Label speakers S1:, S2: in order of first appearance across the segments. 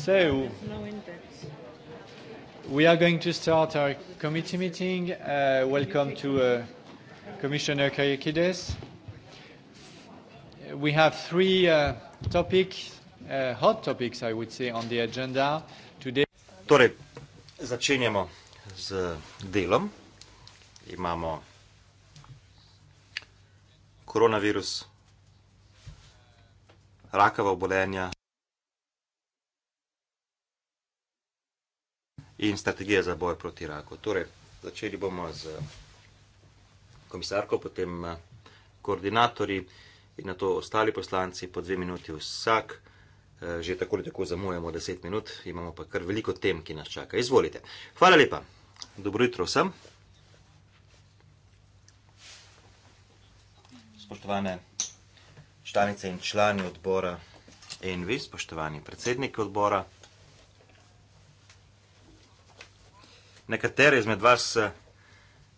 S1: So we are going to start our committee meeting. Uh, welcome to uh, Commissioner Kyriakides. We have three uh, hot topics, I would say,
S2: on the agenda today. Torej, začenjamo z delom. Imamo koronavirus, rakava obolenja. in strategije za boj proti raku. Torej, začeli bomo z eh, komisarko, potem eh, koordinatorji in na to ostali poslanci po dve minuti vsak. Eh, že tako ali tako zamujamo deset minut, imamo pa kar veliko tem, ki nas čaka. Izvolite. Hvala lepa. Dobro jutro vsem. Spoštovane članice in člani odbora ENVI, spoštovani predsedniki odbora. Nekatere izmed vas eh,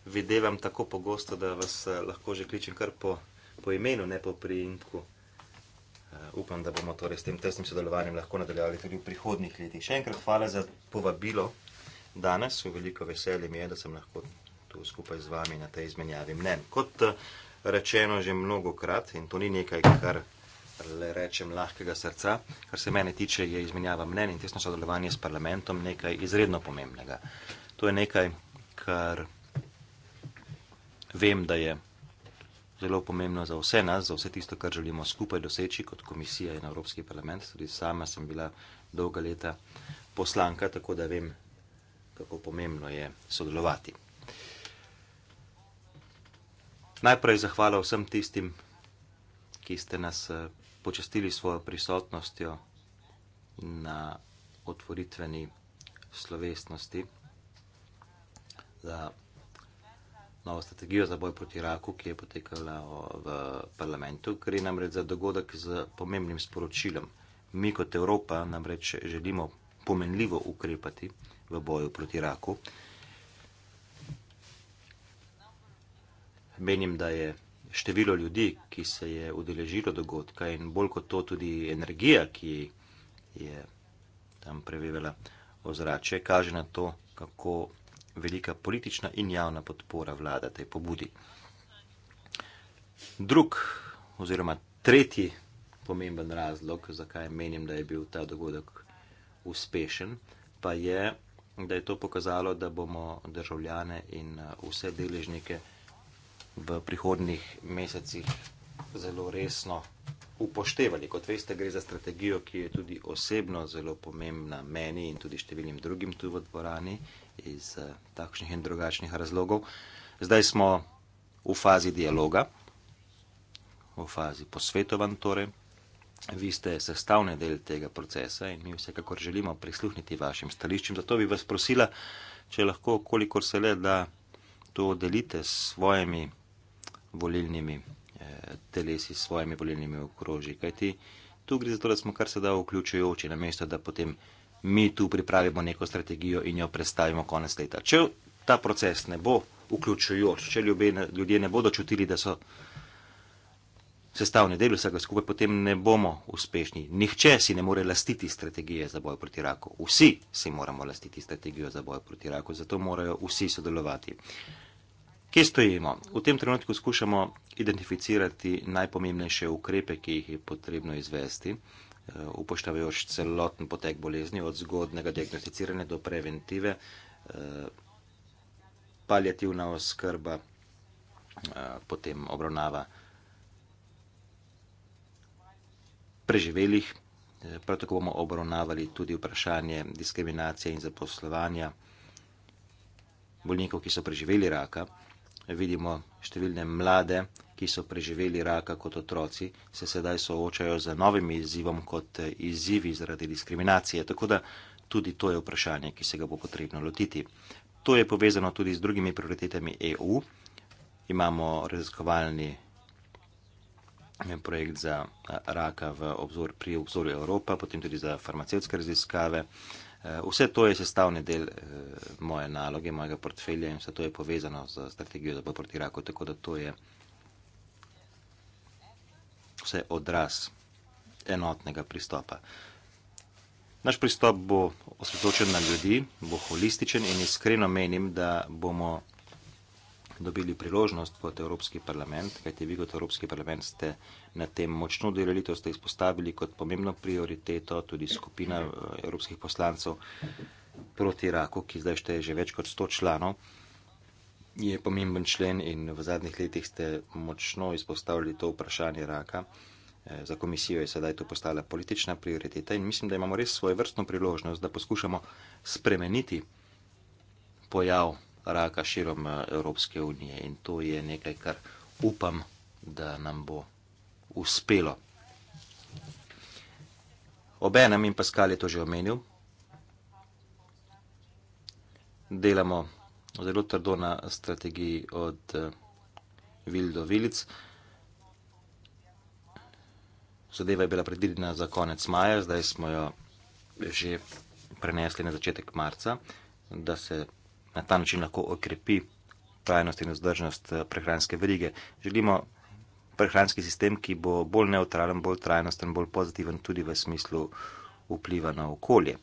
S2: videvam tako pogosto, da vas eh, lahko že kličem kar po, po imenu, ne po priimku. Eh, upam, da bomo torej s tem tesnim sodelovanjem lahko nadaljevali tudi v prihodnih letih. Še enkrat hvala za povabilo danes. Veliko veselje mi je, da sem lahko tu skupaj z vami na tej izmenjavi mnen. Kot rečeno že mnogo krat, in to ni nekaj, kar le rečem lahkega srca, kar se mene tiče, je izmenjava mnen in tesno sodelovanje s parlamentom nekaj izredno pomembnega. To je nekaj, kar vem, da je zelo pomembno za vse nas, za vse tisto, kar želimo skupaj doseči kot komisija in Evropski parlament. Tudi sama sem bila dolga leta poslanka, tako da vem, kako pomembno je sodelovati. Najprej zahvala vsem tistim, ki ste nas eh, počastili svojo prisotnostjo na otvoritveni slovesnosti za novo strategijo za boj proti raku, ki je potekala v parlamentu. Gre namreč za dogodek z pomembnim sporočilom. Mi kot Evropa namreč želimo pomenljivo ukrepati v boju proti raku. Menim, da je število ljudi, ki se je udeležilo dogodka in bolj kot to tudi energija, ki je tam prevevela ozrače, kaže na to, kako velika politična in javna podpora vlada tej pobudi. Drug oziroma tretji pomemben razlog, zakaj menim, da je bil ta dogodek uspešen, pa je, da je to pokazalo, da bomo državljane in uh, vse deležnike v prihodnjih mesecih zelo resno upoštevali. Kot veste, gre za strategijo, ki je tudi osebno zelo pomembna meni in tudi številnim drugim tu v dvorani iz eh, takšnih in drugačnih razlogov. Zdaj smo v fazi dialoga, v fazi posvetovanj torej. Vi ste sestavni del tega procesa in mi vsekakor želimo prisluhniti vašim stališčem. Zato bi vas prosila, če lahko, kolikor se le, da to delite s svojimi volilnimi telesi s svojimi volilnimi okroži. Kajti tu gre za to, da smo kar se da vključujoči, namesto da potem mi tu pripravimo neko strategijo in jo predstavimo konec leta. Če ta proces ne bo vključujoč, če ljube, ljudje ne bodo čutili, da so sestavni del vsega skupaj, potem ne bomo uspešni. Nihče si ne more lastiti strategije za boj proti raku. Vsi si moramo lastiti strategijo za boj proti raku, zato morajo vsi sodelovati. Kje stojimo? V tem trenutku skušamo identificirati najpomembnejše ukrepe, ki jih je potrebno izvesti, eh, upoštevajoč celoten potek bolezni, od zgodnega diagnosticiranja do preventive, eh, paljativna oskrba, eh, potem obravnava preživelih. Prav tako bomo obravnavali tudi vprašanje diskriminacije in zaposlovanja bolnikov, ki so preživeli raka vidimo številne mlade, ki so preživeli raka kot otroci, se sedaj soočajo z novim izzivom kot eh, izzivi zaradi diskriminacije. Tako da tudi to je vprašanje, ki se ga bo potrebno lotiti. To je povezano tudi z drugimi prioritetami EU. Imamo raziskovalni eh, projekt za eh, raka v obzor, pri obzoru Evropa, potem tudi za farmacevtske raziskave. Uh, Eh, vse to je sestavni del eh, moje naloge, mojega portfelja in vse to je povezano z strategijo za boj proti raku, tako da to je vse odraz enotnega pristopa. Naš pristop bo osredotočen na ljudi, bo holističen in iskreno menim, da bomo dobili priložnost kot Evropski parlament, kajte vi kot Evropski parlament ste na tem močno delali, to ste izpostavili kot pomembno prioriteto, tudi skupina eh, evropskih poslancev proti raku, ki zdaj šteje že več kot 100 članov, je pomemben člen in v zadnjih letih ste močno izpostavili to vprašanje raka. Eh, za komisijo je sedaj to postala politična prioriteta in mislim, da imamo res svojo vrstno priložnost, da poskušamo spremeniti pojav raka širom eh, Evropske unije in to je nekaj, kar upam, da nam bo uspelo. Obenem in Paskal je to že omenil, delamo zelo trdo na strategiji od eh, vil do vilic. Zadeva je bila predvidena za konec maja, zdaj smo jo že prenesli na začetek marca, da se na ta način lahko okrepi trajnost in vzdržnost eh, prehranske verige. Želimo prehranski sistem, ki bo bolj neutralen, bolj trajnosten, bolj pozitiven tudi v smislu vpliva na okolje.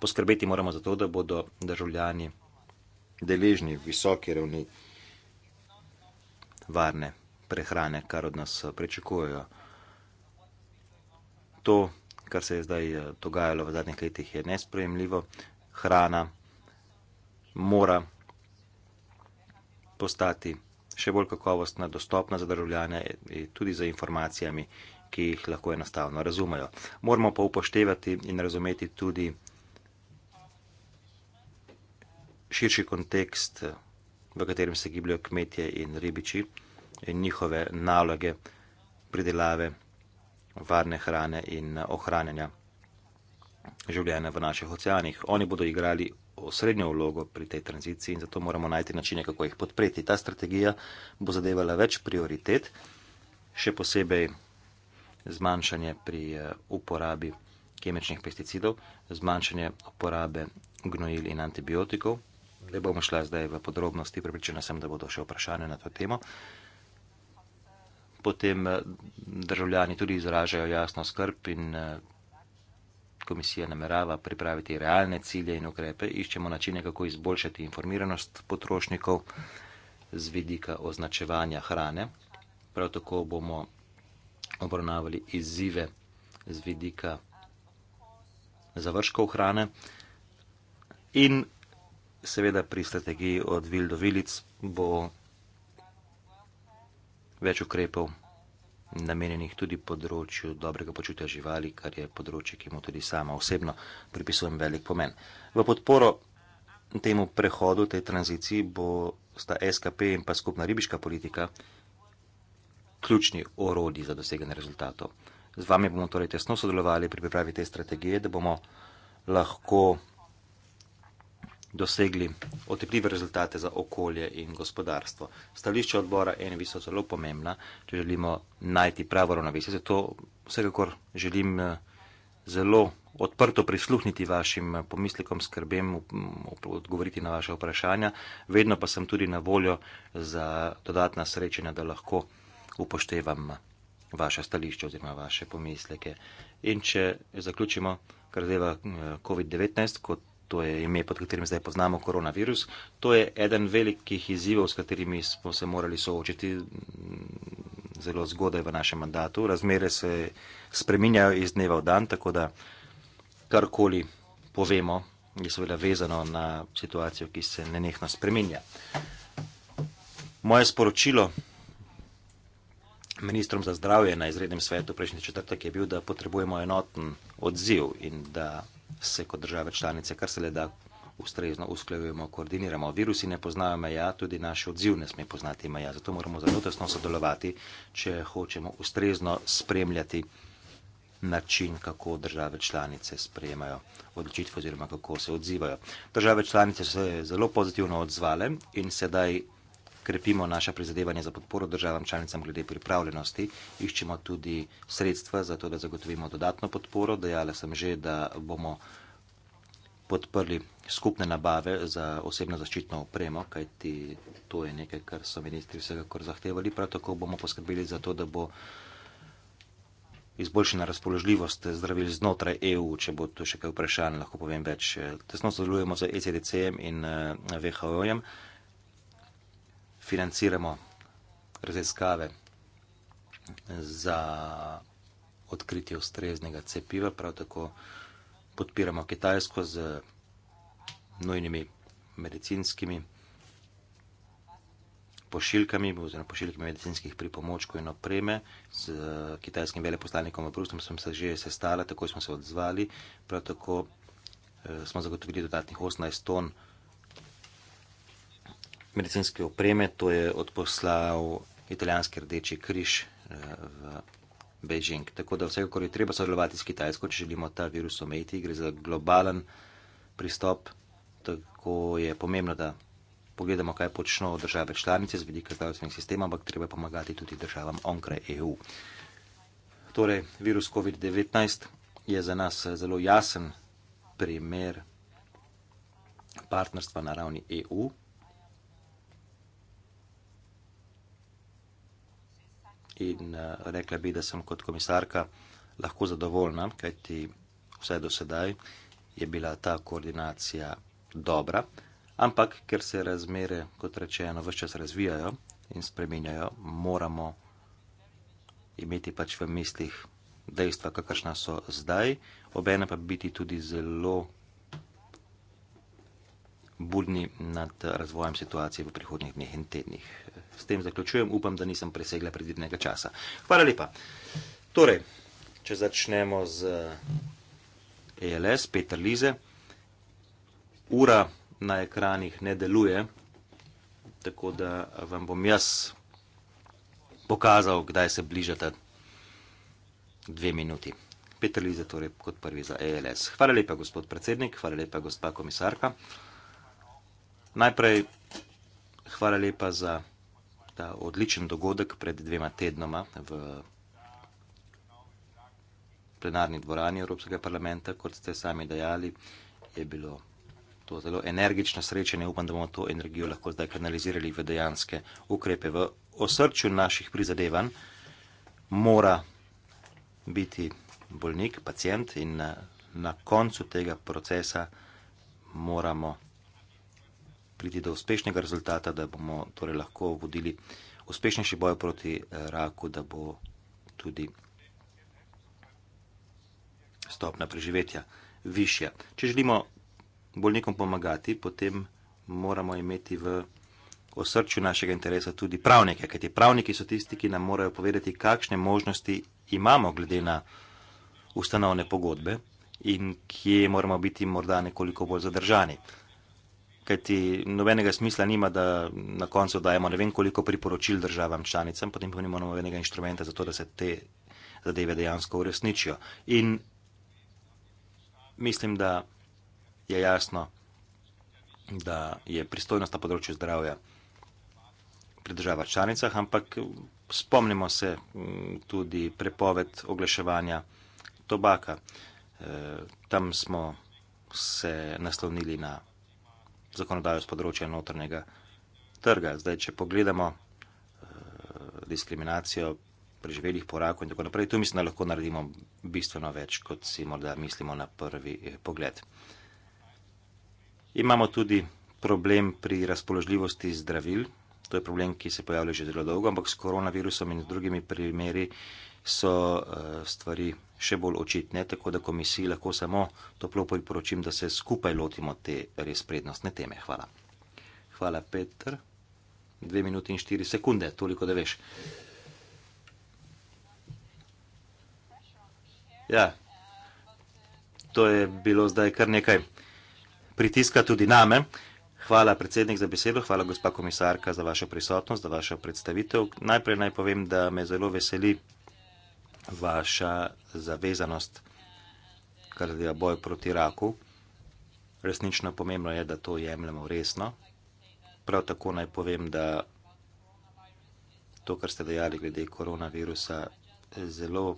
S2: Poskrbeti moramo za to, da bodo državljani deležni visoke ravni varne prehrane, kar od nas eh, prečakujejo. To, kar se je zdaj eh, dogajalo v zadnjih letih, je nespremljivo. Hrana mora postati še bolj kakovostna, dostopna za državljane in eh, tudi za informacijami, ki jih lahko enostavno razumejo. Moramo pa upoštevati in razumeti tudi širši kontekst, v katerem se gibljajo kmetje in ribiči in njihove naloge pridelave varne hrane in ohranjanja življenja v naših oceanih. Oni bodo igrali osrednjo vlogo pri tej tranziciji in zato moramo najti načine, kako jih podpreti. Ta strategija bo zadevala več prioritet, še posebej zmanjšanje pri eh, uporabi kemičnih pesticidov, zmanjšanje uporabe gnojil in antibiotikov. Ne bomo šla zdaj v podrobnosti, pripričana sem, da bodo še vprašanje na to temo. Potem eh, državljani tudi izražajo jasno skrb in eh, komisija namerava pripraviti realne cilje in ukrepe, iščemo načine, kako izboljšati informiranost potrošnikov z vidika označevanja hrane. Prav tako bomo obravnavali izzive z vidika završkov hrane in seveda pri strategiji od Vildo Vilic bo več ukrepov namenjenih tudi področju dobrega počutja živali, kar je področje, ki mu tudi sama osebno pripisujem velik pomen. V podporo temu prehodu, tej tranziciji, bo sta SKP in pa skupna ribiška politika ključni orodi za doseganje rezultatov. Z vami bomo torej tesno sodelovali pri pripravi te strategije, da bomo lahko dosegli otepljive rezultate za okolje in gospodarstvo. Stališče odbora NVI so zelo pomembna, če želimo najti pravo ravnovesje. Zato vsekakor želim eh, zelo odprto prisluhniti vašim eh, pomislikom, skrbem, odgovoriti na vaše vprašanja. Vedno pa sem tudi na voljo za dodatna srečanja, da lahko upoštevam eh, vaše stališče oziroma vaše pomisleke. In če zaključimo, kar zadeva COVID-19 kot to je ime, pod katerim zdaj poznamo koronavirus, to je eden velikih izzivov, s katerimi smo se morali soočiti mm, zelo zgodaj v našem mandatu. Razmere se spreminjajo iz dneva v dan, tako da karkoli povemo, je seveda vezano na situacijo, ki se nenehno spreminja. Moje sporočilo ministrom za zdravje na izrednem svetu prejšnji četrtek je bil, da potrebujemo enoten odziv in da se kot države članice kar se le da ustrezno usklajujemo, koordiniramo. Virusi ne poznajo meja, tudi naš odziv ne sme poznati meja. Zato moramo zelo tesno sodelovati, če hočemo ustrezno spremljati način, kako države članice sprejemajo odločitve oziroma kako se odzivajo. Države članice so se zelo pozitivno odzvale in sedaj krepimo naša prizadevanja za podporo državam članicam glede pripravljenosti, iščemo tudi sredstva za to, da zagotovimo dodatno podporo. Dejala sem že, da bomo podprli skupne nabave za osebno zaščitno opremo, kajti to je nekaj, kar so ministri vsekakor zahtevali. Prav tako bomo poskrbeli za to, da bo izboljšena razpoložljivost zdravil znotraj EU, če bo to še kaj vprašanje, lahko povem več. Tesno sodelujemo z ECDC-jem in WHO-jem. Eh, financiramo raziskave za odkritje ustreznega cepiva, prav tako podpiramo Kitajsko z nujnimi medicinskimi pošiljkami oziroma pošiljkami medicinskih pripomočkov in opreme. Z kitajskim veleposlanikom v Bruslju sem se že sestala, tako smo se odzvali. Prav tako eh, smo zagotovili dodatnih 18 ton medicinske opreme, to je odposlal italijanski rdeči križ eh, v Beijing. Tako da vsekakor je treba sodelovati s Kitajsko, če želimo ta virus omejiti. Gre za globalen pristop, tako je pomembno, da pogledamo, kaj počno države članice z vidika zdravstvenih sistema, ampak treba je pomagati tudi državam onkraj EU. Torej, virus COVID-19 je za nas eh, zelo jasen primer partnerstva na ravni EU. in eh, rekla bi, da sem kot komisarka lahko zadovoljna, kajti vse do sedaj je bila ta koordinacija dobra, ampak ker se razmere, kot rečeno, vse čas razvijajo in spreminjajo, moramo imeti pač v mislih dejstva, kakršna so zdaj, obene pa biti tudi zelo budni nad razvojem situacije v prihodnih dneh in tednih. S tem zaključujem, upam, da nisem presegla predvidnega časa. Hvala lepa. Torej, če začnemo z ELS, Peter Lize, ura na ekranih ne deluje, tako da vam bom jaz pokazal, kdaj se bližata dve minuti. Peter Lize, torej kot prvi za ELS. Hvala lepa, gospod predsednik, hvala lepa, gospa komisarka. Najprej hvala lepa za ta odličen dogodek pred dvema tednoma v plenarni dvorani Evropskega parlamenta. Kot ste sami dejali, je bilo to zelo energično srečanje. Upam, da bomo to energijo lahko zdaj kanalizirali v dejanske ukrepe. V osrčju naših prizadevanj mora biti bolnik, pacijent in na, eh, na koncu tega procesa moramo priti do uspešnega rezultata, da bomo torej lahko vodili uspešnejši boj proti eh, raku, da bo tudi stopna preživetja višja. Če želimo bolnikom pomagati, potem moramo imeti v osrčju našega interesa tudi pravnike, kajti pravniki so tisti, ki nam morajo povedati, kakšne možnosti imamo glede na ustanovne pogodbe in kje moramo biti morda nekoliko bolj zadržani kajti nobenega smisla nima, da na koncu dajemo ne vem koliko priporočil državam članicam, potem pa nimamo nobenega inštrumenta za to, da se te zadeve dejansko uresničijo. In mislim, da je jasno, da je pristojnost na področju zdravja pri državah članicah, ampak spomnimo se mm, tudi prepoved oglaševanja tobaka. E, tam smo se naslovnili na zakonodajo z področja notrnega trga. Zdaj, če pogledamo uh, diskriminacijo preživelih po raku in tako naprej, tu mislim, da lahko naredimo bistveno več, kot si morda mislimo na prvi eh, pogled. Imamo tudi problem pri razpoložljivosti zdravil. To je problem, ki se pojavlja že zelo dolgo, ampak s koronavirusom in drugimi primeri so eh, stvari še bolj očitne, tako da komisiji lahko samo toplo priporočim, da se skupaj lotimo te res prednostne teme. Hvala. Hvala, Petr. Dve minuti in štiri sekunde, toliko da veš. Ja, to je bilo zdaj kar nekaj pritiska tudi name. Hvala, predsednik, za besedo, hvala, gospa komisarka, za vašo prisotnost, za vašo predstavitev. Najprej naj povem, da me zelo veseli vaša zavezanost, kar zadeva boj proti raku. Resnično pomembno je, da to jemljemo resno. Prav tako naj povem, da to, kar ste dejali glede koronavirusa, je zelo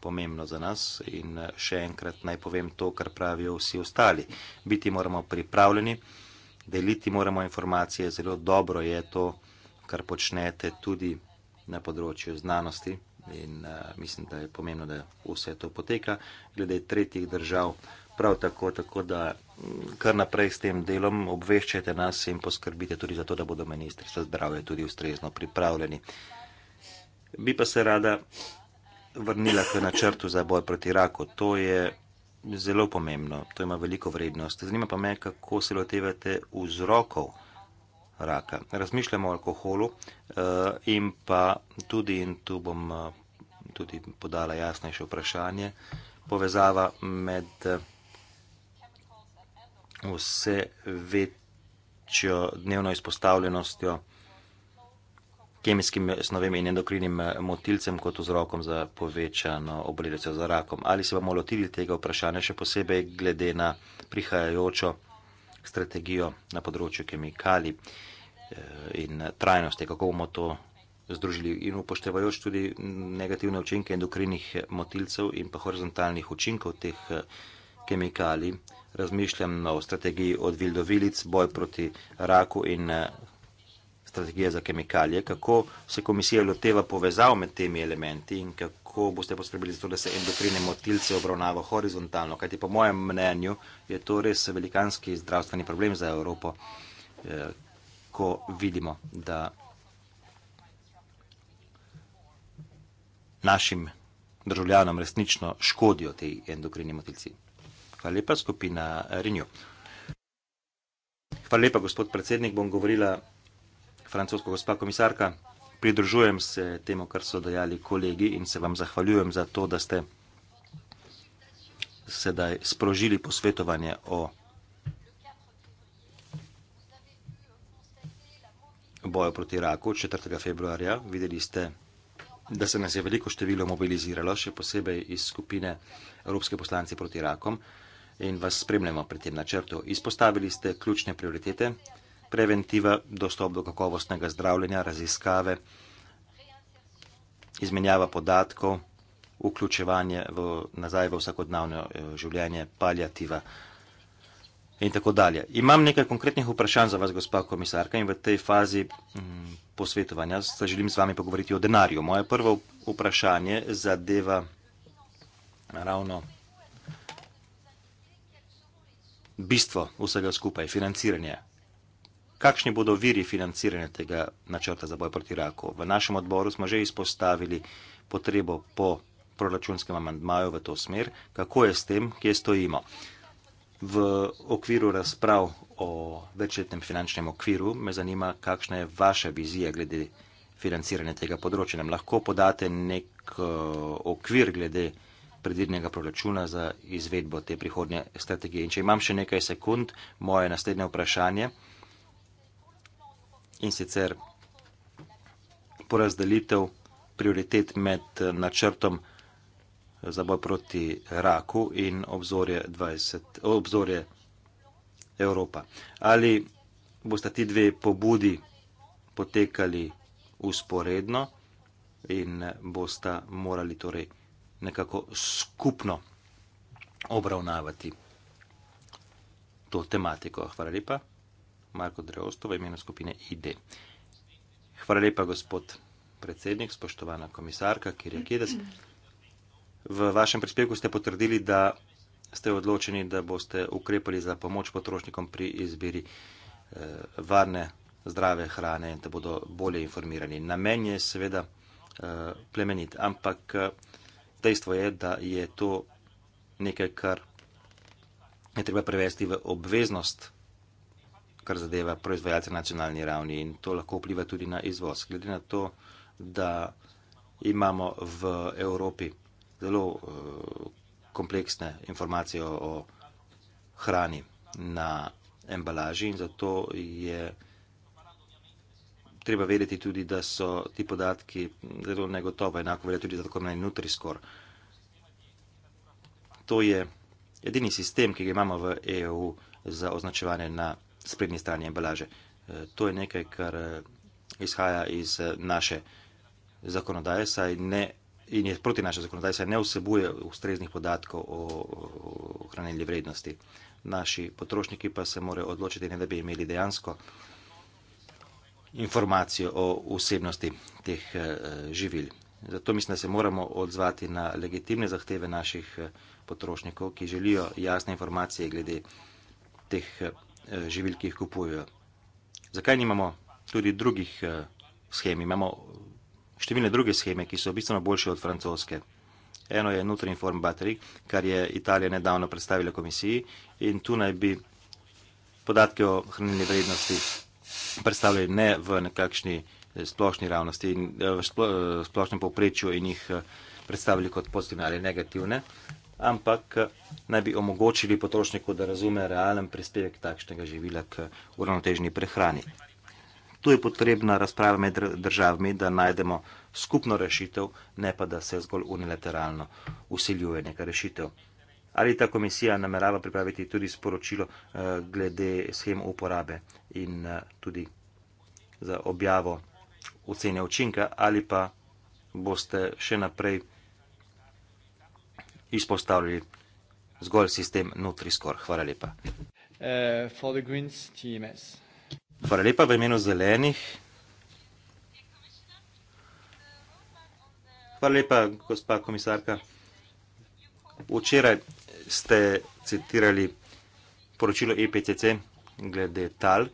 S2: pomembno za nas in še enkrat naj povem to, kar pravijo vsi ostali. Biti moramo pripravljeni, deliti moramo informacije, zelo dobro je to, kar počnete tudi na področju znanosti in uh, mislim, da je pomembno, da vse to poteka, glede tretjih držav. Prav tako, tako da mm, kar naprej s tem delom obveščajte nas in poskrbite tudi za to, da bodo ministrstva zdravja tudi ustrezno pripravljeni. Bi pa se rada vrnila k načrtu za boj proti raku. To je zelo pomembno, to ima veliko vrednost. Zanima pa me, kako se lotevate vzrokov raka. Razmišljamo o alkoholu uh, in pa tudi, in tu bom uh, tudi podala jasnejše vprašanje, povezava med uh, vse večjo dnevno izpostavljenostjo kemijskim snovem in endokrinim motilcem kot vzrokom za povečano obolelico za rakom. Ali se bomo lotili tega vprašanja, še posebej glede na prihajajočo strategijo na področju kemikali eh, in trajnosti, kako bomo to združili in upoštevajoč tudi negativne učinke endokrinih motilcev in pa horizontalnih učinkov teh eh, kemikali. Razmišljam o strategiji od vildovilic, boj proti raku in eh, strategije za kemikalije, kako se komisija loteva povezav med temi elementi in kako lahko boste poskrbeli za to, da se endokrine motilce obravnava horizontalno, kajti po mojem mnenju je to res velikanski zdravstveni problem za Evropo, eh, ko vidimo, da našim državljanom resnično škodijo te endokrini motilci. Hvala lepa, skupina Renew. Hvala lepa, gospod predsednik, bom govorila francosko gospa komisarka pridružujem se temu, kar so dejali kolegi in se vam zahvaljujem za to, da ste sedaj sprožili posvetovanje o boju proti raku 4. februarja. Videli ste, da se nas je veliko število mobiliziralo, še posebej iz skupine Evropske poslanci proti rakom in vas spremljamo pri tem načrtu. Izpostavili ste ključne prioritete preventiva, dostop do kakovostnega zdravljenja, raziskave, izmenjava podatkov, vključevanje v, nazaj v vsakodnevno eh, življenje, palijativa in tako dalje. Imam nekaj konkretnih vprašanj za vas, gospa komisarka, in v tej fazi m, mm, posvetovanja se želim z vami pogovoriti o denarju. Moje prvo vprašanje zadeva ravno bistvo vsega skupaj, financiranje. Kakšni bodo viri financiranja tega načrta za boj proti raku? V našem odboru smo že izpostavili potrebo po proračunskem amandmaju v to smer, kako je s tem, kje stojimo. V okviru razprav o večletnem finančnem okviru me zanima, kakšna je vaša vizija glede financiranja tega področja. Nam lahko podate nek eh, okvir glede predvidnega proračuna za izvedbo te prihodnje strategije. In če imam še nekaj sekund, moje naslednje vprašanje in sicer porazdelitev prioritet med eh, načrtom za boj proti raku in obzorje, 20, obzorje Evropa. Ali boste ti dve pobudi potekali usporedno in boste morali torej nekako skupno obravnavati to tematiko. Hvala lepa. Marko Dreostov v imenu skupine ID. Hvala lepa, gospod predsednik, spoštovana komisarka Kirjakides. V vašem prispevku ste potrdili, da ste odločeni, da boste ukrepali za pomoč potrošnikom pri izbiri eh, varne, zdrave hrane in da bodo bolje informirani. Namen je seveda eh, plemenit, ampak eh, dejstvo je, da je to nekaj, kar je treba prevesti v obveznost kar zadeva proizvajalce na nacionalni ravni in to lahko vpliva tudi na izvoz. Glede na to, da imamo v Evropi zelo eh, kompleksne informacije o hrani na embalaži in zato je treba vedeti tudi, da so ti podatki zelo negotovi, enako velja tudi za tako imenovani Nutri-Score. To je edini sistem, ki ga imamo v EU za označevanje na sprednji strani embalaže. E, to je nekaj, kar e, izhaja iz e, naše zakonodaje, saj ne. In je proti naši zakonodaji, saj ne vsebuje ustreznih podatkov o hranilni vrednosti. Naši potrošniki pa se morajo odločiti, ne da bi imeli dejansko informacijo o vsebnosti teh živil. Zato mislim, da se moramo odzvati na legitimne zahteve naših potrošnikov, ki želijo jasne informacije glede teh Eh, živil, ki jih kupujejo. Zakaj nimamo tudi drugih eh, schem? Imamo eh, številne druge scheme, ki so bistveno boljše od francoske. Eno je Nutri-Inform Battery, kar je Italija nedavno predstavila komisiji in tu naj bi podatke o hranilni vrednosti predstavljali ne v nekakšni splošni ravnosti, v splošnem povprečju in jih predstavljali kot pozitivne ali negativne, ampak eh, naj bi omogočili potrošniku, da razume realen prispevek takšnega živila k uravnotežni prehrani. Tu je potrebna razprava med državami, da najdemo skupno rešitev, ne pa da se zgolj unilateralno usiljuje neka rešitev. Ali ta komisija namerava pripraviti tudi sporočilo eh, glede schem uporabe in eh, tudi za objavo ocene učinka, ali pa boste še naprej izpostavili zgolj sistem Nutri-Score. Hvala lepa.
S1: Uh, greens,
S2: Hvala lepa v imenu zelenih. Hvala lepa, gospa komisarka. Včeraj ste citirali poročilo EPTC glede tal.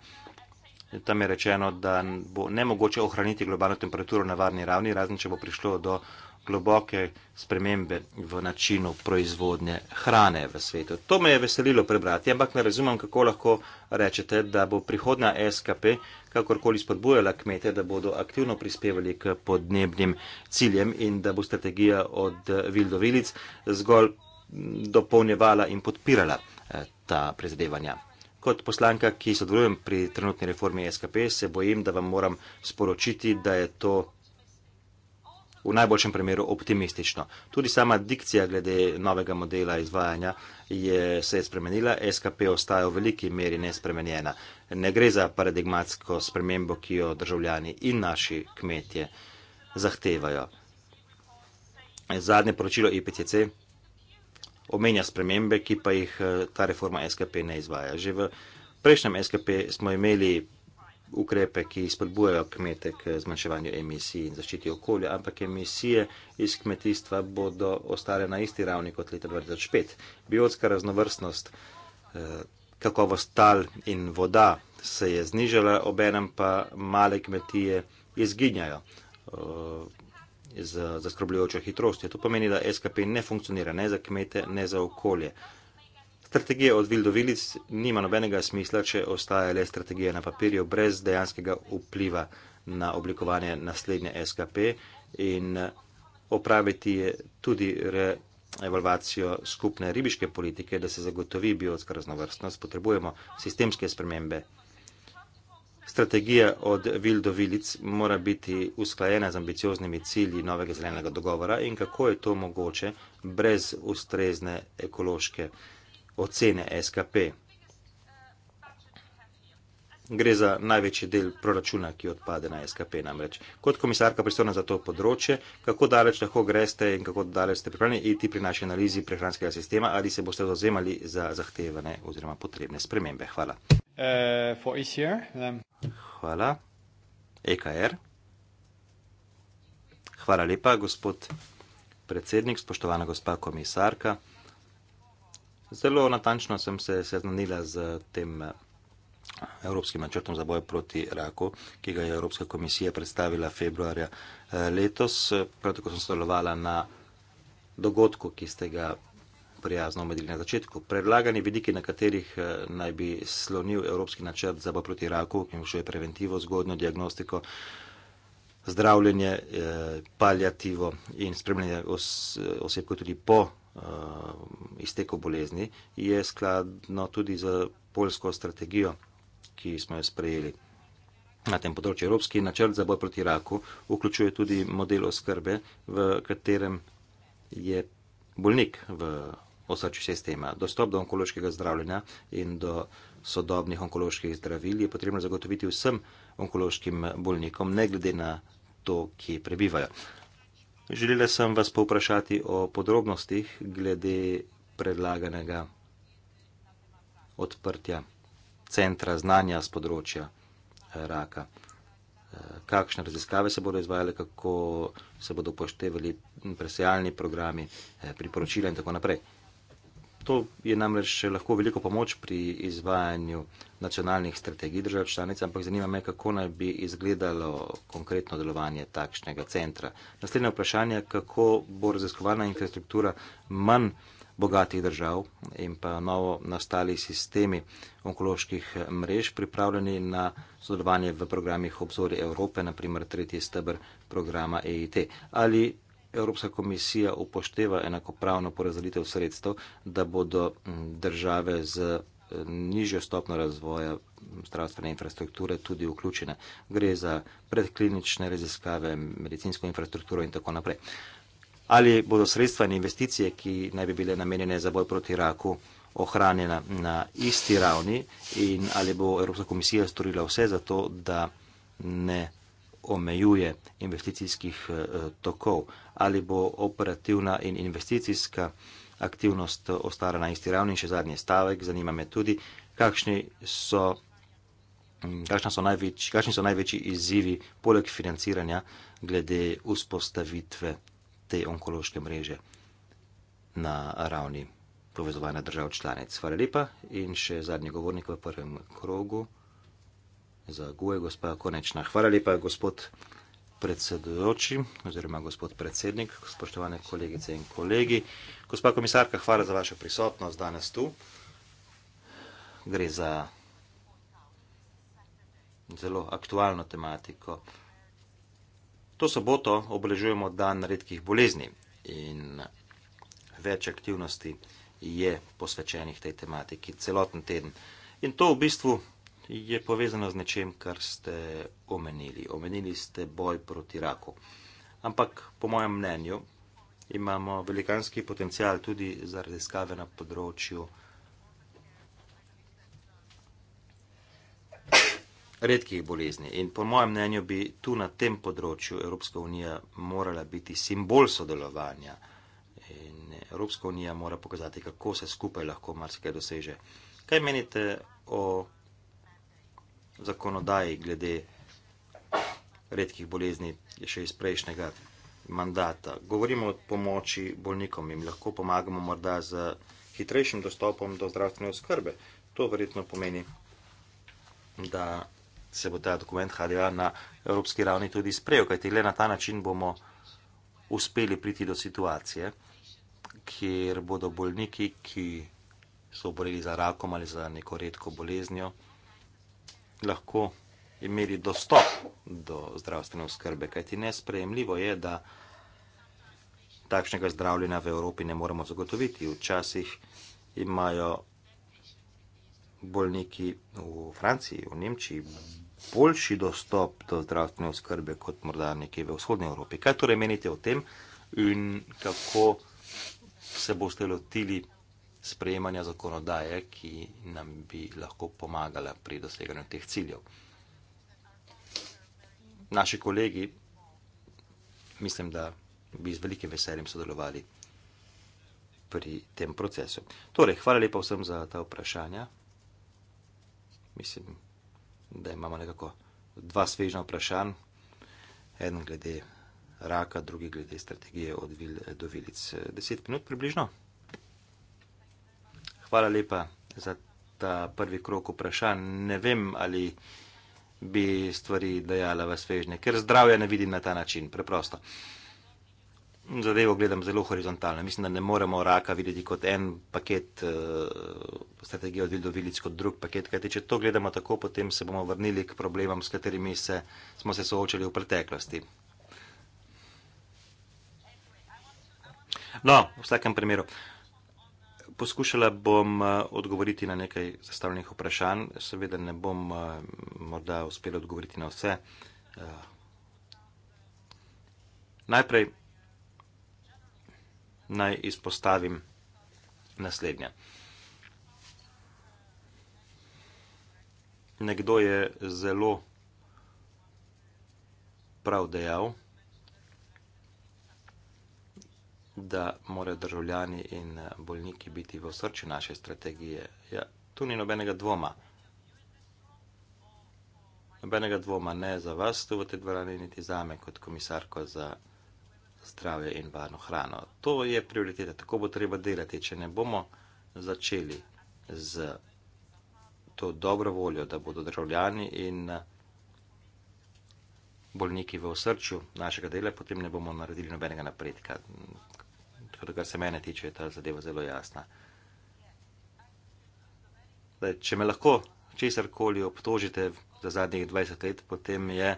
S2: Tam je rečeno, da bo nemogoče ohraniti globalno temperaturo na varni ravni, razen če bo prišlo do globoke spremembe v načinu proizvodnje hrane v svetu. To me je veselilo prebrati, ampak ne razumem, kako lahko rečete, da bo prihodna SKP kakorkoli spodbujala kmete, da bodo aktivno prispevali k podnebnim ciljem in da bo strategija od Vildovilic zgolj dopolnjevala in podpirala eh, ta prizadevanja. Kot poslanka, ki sodelujem pri trenutni reformi SKP, se bojim, da vam moram sporočiti, da je to v najboljšem primeru optimistično. Tudi sama dikcija glede novega modela izvajanja je, se je spremenila, SKP ostaja v veliki meri nespremenjena. Ne gre za paradigmatsko spremembo, ki jo državljani in naši kmetje zahtevajo. Zadnje poročilo IPCC omenja spremembe, ki pa jih eh, ta reforma SKP ne izvaja. Že v prejšnjem SKP smo imeli ukrepe, ki spodbujajo kmete k zmanjševanju emisij in zaščiti okolja, ampak emisije iz kmetijstva bodo ostale na isti ravni kot leta 2005. Biotska raznovrstnost, eh, kakovost tal in voda se je znižala, obenem pa male kmetije izginjajo eh, z zaskrbljujočo hitrostjo. To pomeni, da SKP ne funkcionira ne za kmete, ne za okolje. Strategija od vil do vilic nima nobenega smisla, če ostaja le strategija na papirju, brez dejanskega vpliva na oblikovanje naslednje SKP in eh, opraviti tudi re evalvacijo skupne ribiške politike, da se zagotovi biotska raznovrstnost, potrebujemo sistemske spremembe. Strategija od vil do vilic mora biti usklajena z ambicioznimi cilji novega zelenega dogovora in kako je to mogoče brez ustrezne ekološke politike ocene SKP. Gre za največji del proračuna, ki odpade na SKP namreč. Kot komisarka pristojna za to področje, kako daleč lahko greste in kako daleč ste pripravljeni iti pri naši analizi prehranskega sistema, ali se boste zauzemali za zahtevane oziroma potrebne spremembe? Hvala.
S1: Uh, year, um...
S2: Hvala. EKR. Hvala lepa, gospod predsednik, spoštovana gospa komisarka. Zelo natančno sem se seznanila z tem eh, evropskim načrtom za boj proti raku, ki ga je Evropska komisija predstavila februarja eh, letos. Prav tako sem sodelovala na dogodku, ki ste ga prijazno omedili na začetku. Predlagani vidiki, na katerih eh, naj bi slonil evropski načrt za boj proti raku, ki vključuje preventivo, zgodno diagnostiko, zdravljenje, paljativo in spremljanje oseb, kot tudi po uh, izteku bolezni, je skladno tudi z polsko strategijo, ki smo jo sprejeli. Na tem področju Evropski načrt za boj proti raku vključuje tudi model oskrbe, v katerem je bolnik v osrčju sistema. Dostop do onkološkega zdravljenja in do sodobnih onkoloških zdravil je potrebno zagotoviti vsem onkološkim bolnikom, ne glede na to, kje prebivajo. Želela sem vas povprašati o podrobnostih glede predlaganega odprtja centra znanja z področja eh, raka. Eh, kakšne raziskave se bodo izvajale, kako se bodo upoštevali presejalni programi, eh, priporočila in tako naprej. To je namreč lahko veliko pomoč pri izvajanju nacionalnih strategij držav članic, ampak zanima me, kako naj bi izgledalo konkretno delovanje takšnega centra. Naslednje vprašanje, kako bo raziskovalna infrastruktura manj bogatih držav in pa novo nastali sistemi onkoloških mrež pripravljeni na sodelovanje v programih obzori Evrope, naprimer tretji stebr programa EIT. Ali Evropska komisija upošteva enakopravno porazdelitev sredstev, da bodo države z e, nižjo stopno razvoja zdravstvene infrastrukture tudi vključene. Gre za predklinične raziskave, medicinsko infrastrukturo in tako naprej. Ali bodo sredstva in investicije, ki naj bi bile namenjene za boj proti raku, ohranjena na isti ravni in ali bo Evropska komisija storila vse za to, da ne omejuje investicijskih eh, tokov, ali bo operativna in investicijska aktivnost eh, ostala na isti ravni. In še zadnji stavek, zanima me tudi, kakšni so, mm, kakšni so, največji, kakšni so največji izzivi poleg financiranja glede vzpostavitve te onkološke mreže na ravni povezovanja držav članic. Hvala lepa in še zadnji govornik v prvem krogu zaguje gospa Konečna. Hvala lepa, gospod predsedujoči oziroma gospod predsednik, spoštovane kolegice in kolegi. Gospa komisarka, hvala za vašo prisotnost danes tu. Gre za zelo aktualno tematiko. To soboto obeležujemo dan redkih bolezni in več aktivnosti je posvečenih tej tematiki celoten teden. In to v bistvu je povezano z nečem, kar ste omenili. Omenili ste boj proti raku. Ampak po mojem mnenju imamo velikanski potencial tudi za raziskave na področju redkih bolezni. In po mojem mnenju bi tu na tem področju Evropska unija morala biti simbol sodelovanja. In Evropska unija mora pokazati, kako se skupaj lahko marsikaj doseže. Kaj menite o zakonodaji glede redkih bolezni je še iz prejšnjega mandata. Govorimo o pomoči bolnikom, jim lahko pomagamo morda z hitrejšim dostopom do zdravstvene oskrbe. To verjetno pomeni, da se bo ta dokument HDA na evropski ravni tudi sprejel, kajti le na ta način bomo uspeli priti do situacije, kjer bodo bolniki, ki so oboreli za rakom ali za neko redko boleznjo, lahko imeli dostop do zdravstvene oskrbe. Kajti nesprejemljivo je, da takšnega zdravljenja v Evropi ne moremo zagotoviti. Včasih imajo bolniki v Franciji, v Nemčiji boljši dostop do zdravstvene oskrbe kot morda nekje v vzhodnji Evropi. Kaj torej menite o tem in kako se boste lotili? sprejemanja zakonodaje, ki nam bi lahko pomagala pri doseganju teh ciljev. Naši kolegi, mislim, da bi z velikim veseljem sodelovali pri tem procesu. Torej, hvala lepa vsem za ta vprašanja. Mislim, da imamo nekako dva svežna vprašanja. En glede raka, drugi glede strategije od vil do vilic. Deset minut približno. Hvala lepa za ta prvi krok vprašanj. Ne vem, ali bi stvari dajala v svežnje, ker zdravja ne vidim na ta način, preprosto. Zadevo gledam zelo horizontalno. Mislim, da ne moremo raka videti kot en paket uh, strategije od Vildovilic kot drug paket, kajti če to gledamo tako, potem se bomo vrnili k problemom, s katerimi se, smo se soočali v preteklosti. No, v vsakem primeru. Uh, poskušala bom eh, odgovoriti na nekaj zastavljenih vprašanj. Seveda ne bom eh, morda uspela odgovoriti na vse. Eh. Najprej naj izpostavim naslednje. Nekdo je zelo prav dejal, da je. da morajo državljani in eh, bolniki biti v srcu naše strategije. Ja, tu ni nobenega dvoma. Nobenega dvoma ne za vas, tu v tej dvorani, niti za me, kot komisarko za zdravje in varno hrano. To je prioriteta, tako bo treba delati. Če ne bomo začeli z to dobro voljo, da bodo državljani in eh, bolniki v srcu našega dela, potem ne bomo naredili nobenega napredka. Tako da, kar se mene tiče, je ta zadeva zelo jasna. Zdaj, če me lahko česar koli obtožite za zadnjih 20 let, potem je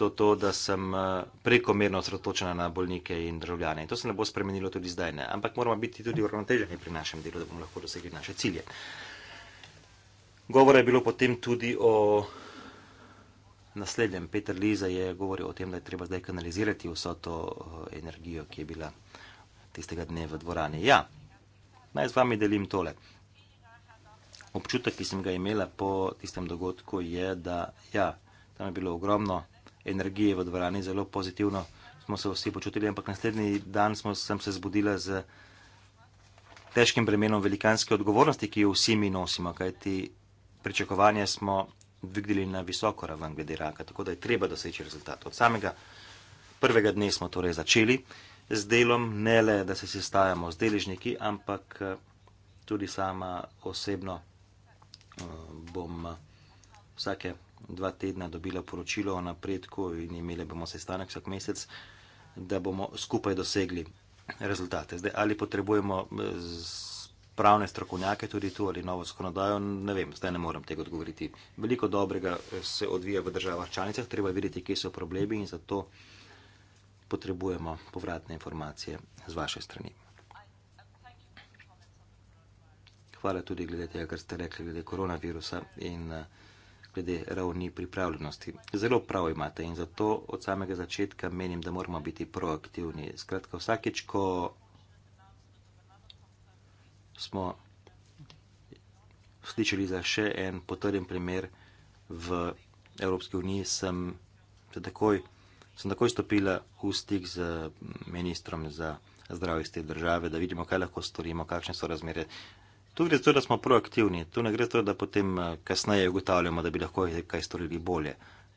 S2: to to, da sem eh, prekomerno osredotočena na bolnike in državljane. In to se ne bo spremenilo tudi zdaj, ne. ampak moramo biti tudi uravnoteženi pri našem delu, da bomo lahko dosegli naše cilje. Govora je bilo potem tudi o naslednjem. Peter Liza je govoril o tem, da je treba zdaj kanalizirati vso to eh, energijo, ki je bila tistega dne v dvorani. Ja, naj z vami delim tole. Občutek, ki sem ga imela po tistem dogodku, je, da ja, tam je bilo ogromno energije v dvorani, zelo pozitivno smo se vsi počutili, ampak naslednji dan smo, sem se zbudila z težkim bremenom velikanske odgovornosti, ki jo vsi mi nosimo, kajti pričakovanje smo dvignili na visoko raven glede raka, tako da je treba doseči rezultat. Od samega prvega dne smo torej začeli. Uh, z delom, ne le da se sestajamo z deležniki, ampak eh, tudi sama osebno eh, bom eh, vsake dva tedna dobila poročilo o napredku in imeli bomo sestanek vsak mesec, da bomo skupaj dosegli rezultate. Zdaj, ali potrebujemo pravne strokovnjake tudi tu ali novo zakonodajo, ne vem, zdaj ne morem tega odgovoriti. Veliko dobrega se odvija v državah članicah, treba videti, kje so problemi in zato potrebujemo povratne informacije z vaše strani. Hvala tudi glede tega, kar ste rekli glede koronavirusa in eh, glede ravni pripravljenosti. Zelo prav imate in zato od samega začetka menim, da moramo biti proaktivni. Skratka, vsakeč, ko smo slišali za še en potrjen primer v Evropski uniji, sem se takoj sem takoj stopila v stik z ministrom za zdravje iz te države, da vidimo, kaj lahko storimo, kakšne so razmere. Tu gre za to, da smo proaktivni, tu ne gre za to, da potem eh, kasneje ugotavljamo, da bi lahko kaj storili bolje.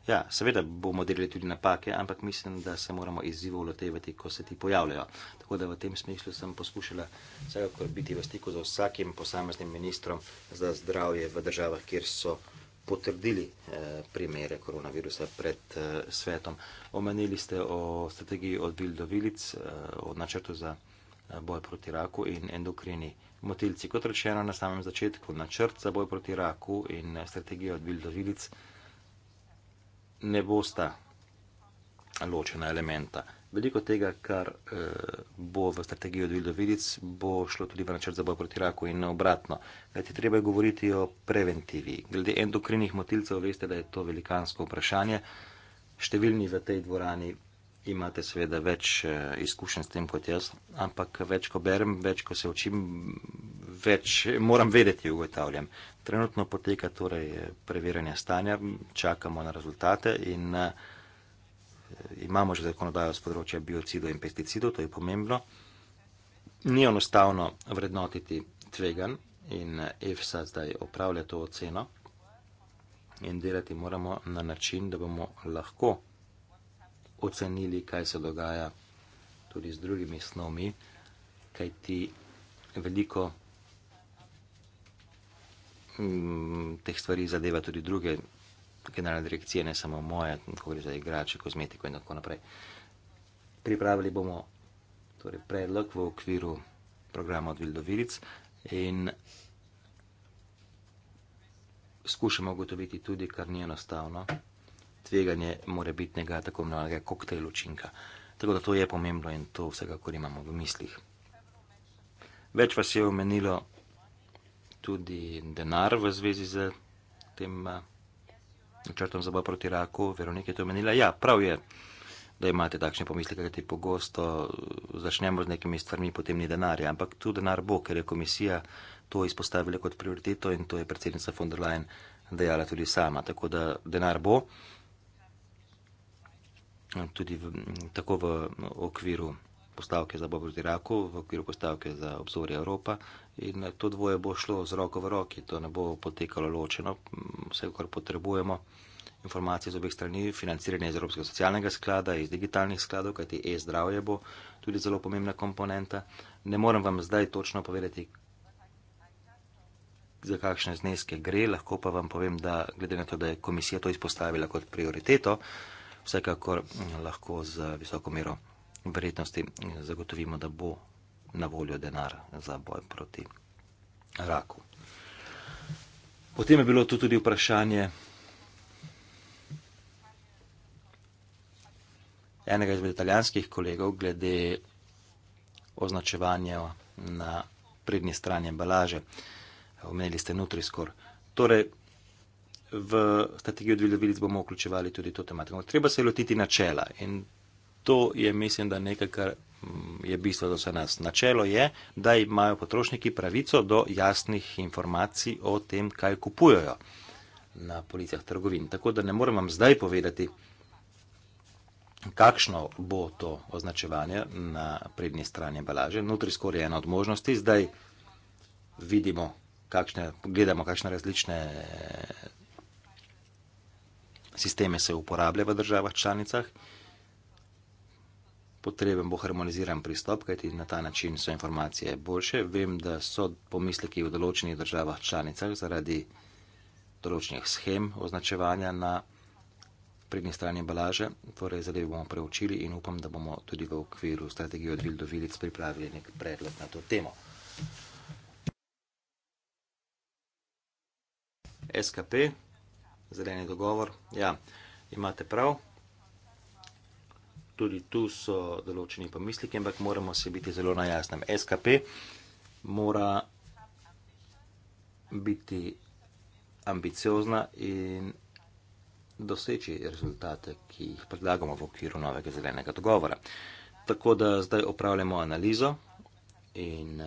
S2: Ja, seveda bomo delili tudi napake, ampak mislim, da se moramo izzivov lotevati, ko se ti pojavljajo. Tako da v tem smislu sem poskušala vsekakor biti v stiku z vsakim posameznim ministrom za zdravje v državah, kjer so potrdili eh, primere koronavirusa pred eh, svetom. Omenili ste o strategiji od vil do vilic, eh, o načrtu za boj proti raku in endokrini motilci. Kot rečeno na samem začetku, načrt za boj proti raku in strategija od vil do vilic ne bosta ločena elementa. Veliko tega, kar uh, bo v strategiji od Vildovidic, bo šlo tudi v načrt za boj proti raku in obratno. Kajti treba je govoriti o preventivi. Glede endokrinih motilcev veste, da je to velikansko vprašanje. Številni v tej dvorani imate seveda več uh, izkušenj s tem kot jaz, ampak več, ko berem, več, ko se učim, več moram vedeti, ugotavljam. Trenutno poteka torej eh, preverjanje stanja, čakamo na rezultate in uh, imamo že zakonodajo z področja biocidov in pesticidov, to je pomembno. Ni enostavno vrednotiti tvegan in EFSA zdaj opravlja to oceno in delati moramo na način, da bomo lahko ocenili, kaj se dogaja tudi z drugimi snovmi, kaj ti veliko mm, teh stvari zadeva tudi druge generalne direkcije, ne samo moje, ko gre za igrače, kozmetiko in tako naprej. Pripravili bomo torej, predlog v okviru programa od Vildovilic in skušamo ugotoviti tudi, kar ni enostavno, tveganje morebitnega tako imenovanega koktejl učinka. Tako da to je pomembno in to vsekakor imamo v mislih. Več vas je omenilo tudi denar v zvezi z tem. Uh, načrtom za boj proti raku, Veronika je to omenila. Ja, prav je, da imate takšne pomisleke, kajti pogosto začnemo z nekimi stvarmi, potem ni denarja, ampak tu denar bo, ker je komisija to izpostavila kot prioriteto in to je predsednica von der Leyen dejala tudi sama. Tako da denar bo tudi v, tako v okviru postavke za boj proti raku, v okviru postavke za obzorje Evropa, in to dvoje bo šlo z roko v roki, to ne bo potekalo ločeno, vse, kar potrebujemo, informacije z obeh strani, financiranje iz Evropskega socialnega sklada, iz digitalnih skladov, kajti e-zdravje bo tudi zelo pomembna komponenta. Ne morem vam zdaj točno povedati, za kakšne zneske gre, lahko pa vam povem, da glede na to, da je komisija to izpostavila kot prioriteto, vsekakor lahko z visoko mero. Verjetnosti zagotovimo, da bo na voljo denar za boj proti raku. Potem je bilo tu tudi vprašanje enega izmed italijanskih kolegov glede označevanja na prednji strani embalaže. Omenili ste Nutriskor. Torej, v strategiji odvidovilic bomo vključevali tudi to tematiko. Treba se lotiti načela in to je, mislim, da nekaj, kar je bistvo za nas. Načelo je, da imajo potrošniki pravico do jasnih informacij o tem, kaj kupujejo na policah trgovin. Tako da ne morem vam zdaj povedati, kakšno bo to označevanje na prednji strani embalaže. Nutri skor je ena od možnosti, zdaj vidimo, kakšne, gledamo, kakšne različne eh, sisteme se uporablja v državah članicah potreben bo harmoniziran pristop, kajti na ta način so informacije boljše. Vem, da so pomisleki v določenih državah članicah zaradi določenih schem označevanja na prednji strani balaže. Torej, zadevo bomo preučili in upam, da bomo tudi v okviru strategije od Vildo Vilic pripravili nek predlog na to temo. SKP, zeleni dogovor, ja, imate prav tudi tu so določeni pomisliki, ampak moramo se biti zelo na jasnem. SKP mora biti ambiciozna in doseči rezultate, ki jih predlagamo v okviru novega zelenega dogovora. Tako da zdaj opravljamo analizo in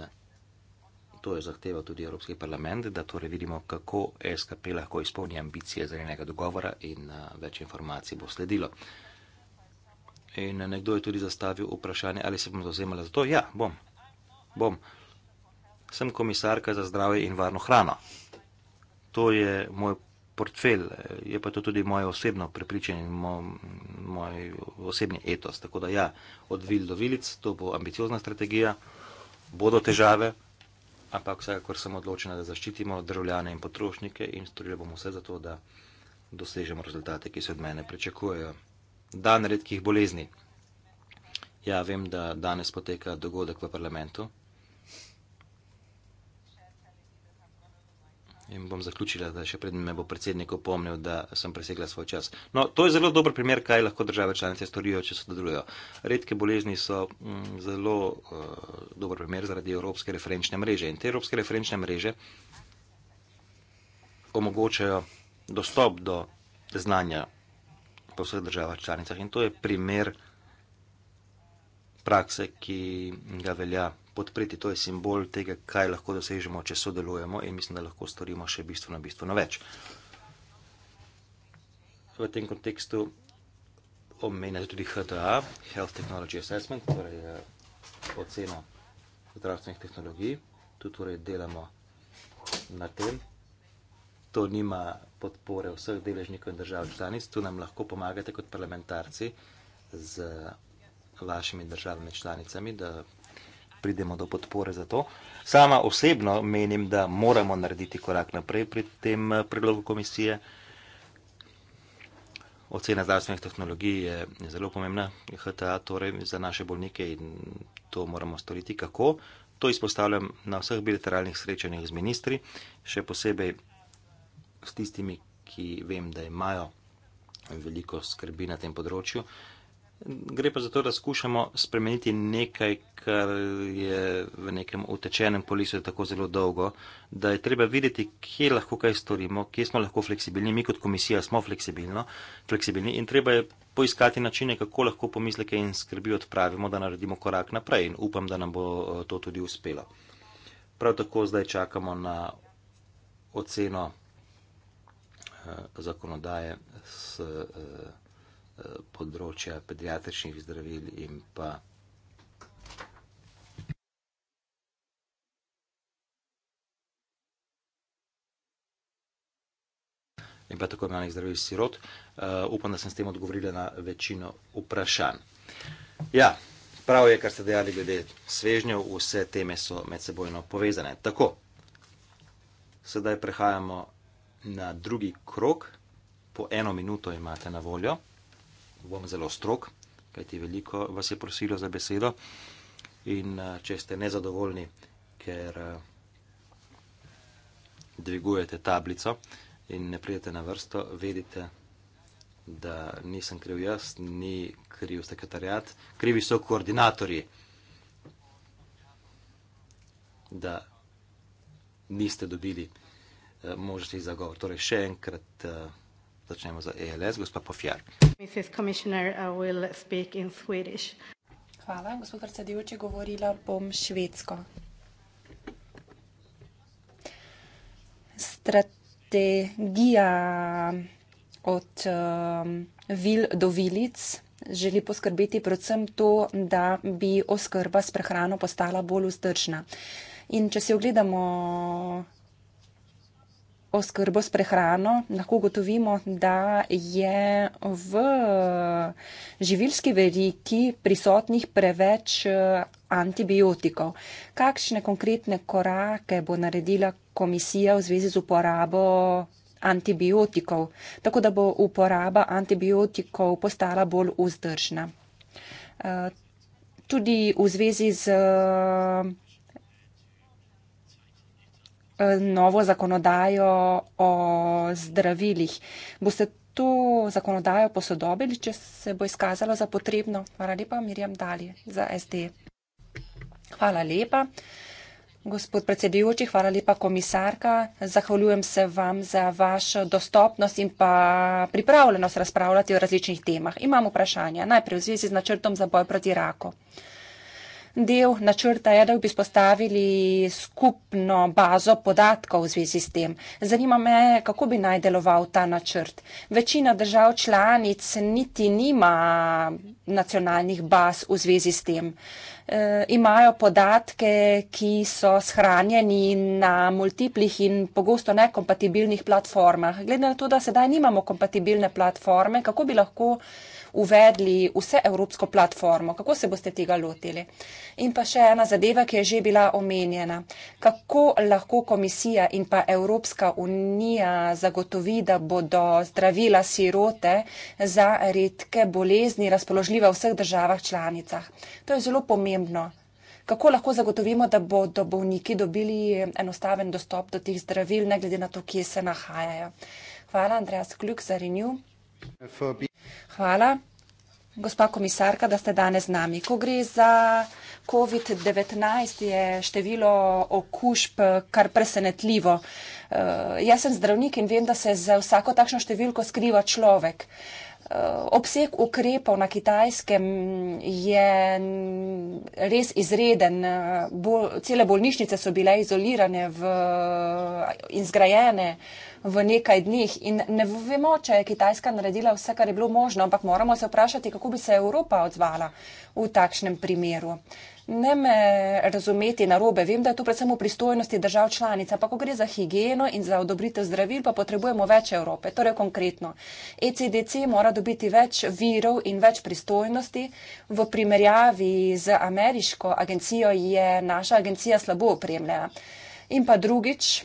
S2: to je zahteva tudi Evropski parlament, da torej vidimo, kako SKP lahko izpolni ambicije zelenega dogovora in več informacij bo sledilo. In nekdo je tudi zastavil vprašanje, ali se bom zauzemala za to. Ja, bom. bom. Sem komisarka za zdravje in varno hrano. To je moj portfelj, je pa to tudi moje osebno prepričanje, moj, moj osebni etos. Tako da ja, od vil do vilic, to bo ambiciozna strategija, bodo težave, ampak vsekakor sem odločena, da zaščitimo državljane in potrošnike in storili bomo vse za to, da dosežemo rezultate, ki se od mene pričakujejo dan redkih bolezni. Ja, vem, da danes poteka dogodek v parlamentu. In bom zaključila, da še pred me bo predsednik opomnil, da sem presegla svoj čas. No, to je zelo dober primer, kaj lahko države članice storijo, če sodelujo. Redke bolezni so mm, zelo uh, dober primer zaradi Evropske referenčne mreže. In te Evropske referenčne mreže omogočajo dostop do znanja po vseh državah članicah. In to je primer prakse, ki ga velja podpreti. To je simbol tega, kaj lahko dosežemo, če sodelujemo in mislim, da lahko storimo še bistveno, bistveno več. V tem kontekstu omenjate tudi HTA, Health Technology Assessment, torej eh, oceno zdravstvenih tehnologij. Tu torej delamo na tem to nima podpore vseh deležnikov in držav članic, tu nam lahko pomagate kot parlamentarci z vašimi državami članicami, da pridemo do podpore za to. Sama osebno menim, da moramo narediti korak naprej pri tem eh, predlogu komisije. Ocena zdravstvenih tehnologij je zelo pomembna, HTA, torej za naše bolnike in to moramo storiti. Kako? To izpostavljam na vseh bilateralnih srečanjih z ministri, še posebej s tistimi, ki vem, da imajo veliko skrbi na tem področju. Gre pa za to, da skušamo spremeniti nekaj, kar je v nekem utečenem polisu tako zelo dolgo, da je treba videti, kje lahko kaj storimo, kje smo lahko fleksibilni. Mi kot komisija smo fleksibilni in treba je poiskati načine, kako lahko pomisleke in skrbi odpravimo, da naredimo korak naprej in upam, da nam bo eh, to tudi uspelo. Prav tako zdaj čakamo na oceno Eh, zakonodaje s eh, eh, področja pediatričnih zdravil in pa in pa tako imenih zdravil sirot. Upam, da sem s tem odgovorila na večino vprašanj. Ja, prav je, kar ste dejali glede svežnjev, vse teme so medsebojno povezane. Tako, sedaj prehajamo na na drugi krok, po eno minuto imate na voljo. Bom zelo strok, kajti veliko vas je prosilo za besedo. In eh, če ste nezadovoljni, ker eh, dvigujete tablico in ne pridete na vrsto, vedite, da nisem kriv jaz, ni kriv sekretarjat, krivi so koordinatorji, da niste dobili. Eh, možnosti za govor. Torej, še enkrat uh, začnemo za ELS, gospod Pofjar.
S3: Eh, Hvala, gospod predsedujoči, govorila bom švedsko. Strategija od um, vil do vilic želi poskrbeti predvsem to, da bi oskrba s prehrano postala bolj vzdržna. In če si ogledamo oskrbo s prehrano, lahko gotovimo, da je v eh, živilski veriki prisotnih preveč eh, antibiotikov. Kakšne konkretne korake bo naredila komisija v zvezi z uporabo antibiotikov, tako da bo uporaba antibiotikov postala bolj vzdržna? Eh, tudi v zvezi z novo zakonodajo o zdravilih. Boste to zakonodajo posodobili, če se bo izkazalo za potrebno? Hvala lepa, Mirjam Dali za SD. Hvala lepa. Gospod predsedujoči, hvala lepa komisarka. Zahvaljujem se vam za vašo dostopnost in pa pripravljenost razpravljati o različnih temah. Imam vprašanja. Najprej v zvezi z načrtom za boj proti raku del načrta je, da bi spostavili skupno bazo podatkov v zvezi s tem. Zanima me, kako bi naj deloval ta načrt. Večina držav članic niti nima nacionalnih baz v zvezi s tem. E, imajo podatke, ki so shranjeni na multiplih in pogosto nekompatibilnih platformah. Glede na to, da sedaj nimamo kompatibilne platforme, kako bi lahko uvedli vse evropsko platformo, kako se boste tega lotili. In pa še ena zadeva, ki je že bila omenjena. Kako lahko komisija in pa Evropska unija zagotovi, da bodo zdravila sirote za redke bolezni razpoložljiva v vseh državah članicah? To je zelo pomembno. Kako lahko zagotovimo, da bodo bolniki dobili enostaven dostop do teh zdravil, ne glede na to, kje se nahajajo? Hvala, Andreas Kljuk, za renju. Hvala. Gospa komisarka, da ste danes z nami. Ko gre za COVID-19, je število okužb kar presenetljivo. Eh, jaz sem zdravnik in vem, da se za vsako takšno številko skriva človek. Eh, obseg ukrepov na kitajskem je res izreden. Bol, cele bolnišnice so bile izolirane v, in zgrajene v nekaj dneh. In ne vemo, če je Kitajska naredila vse, kar je bilo možno, ampak moramo se vprašati, kako bi se Evropa odzvala v takšnem primeru. Ne me razumeti na robe, vem, da je to predvsem v pristojnosti držav članic, ampak ko gre za higieno in za odobritev zdravil, pa potrebujemo več Evrope. Torej konkretno, ECDC mora dobiti več virov in več pristojnosti. V primerjavi z ameriško agencijo je naša agencija slabo opremljena. In pa drugič,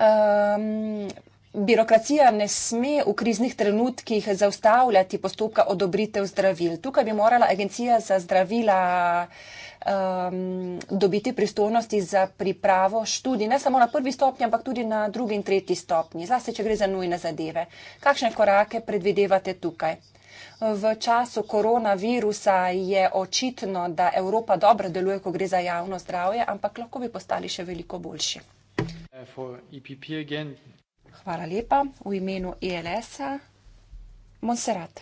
S3: Um, Birokracija ne sme v kriznih trenutkih zaustavljati postopka odobritev zdravil. Tukaj bi morala agencija za zdravila um, dobiti pristojnosti za pripravo študij, ne samo na prvi stopnji, ampak tudi na drugi in tretji stopnji, zlasti, če gre za nujne zadeve. Kakšne korake predvidevate tukaj? V času koronavirusa je očitno, da Evropa dobro deluje, ko gre za javno zdravje, ampak lahko bi postali še veliko boljši. E Hvala lepa. V imenu ELS-a, Monserrat.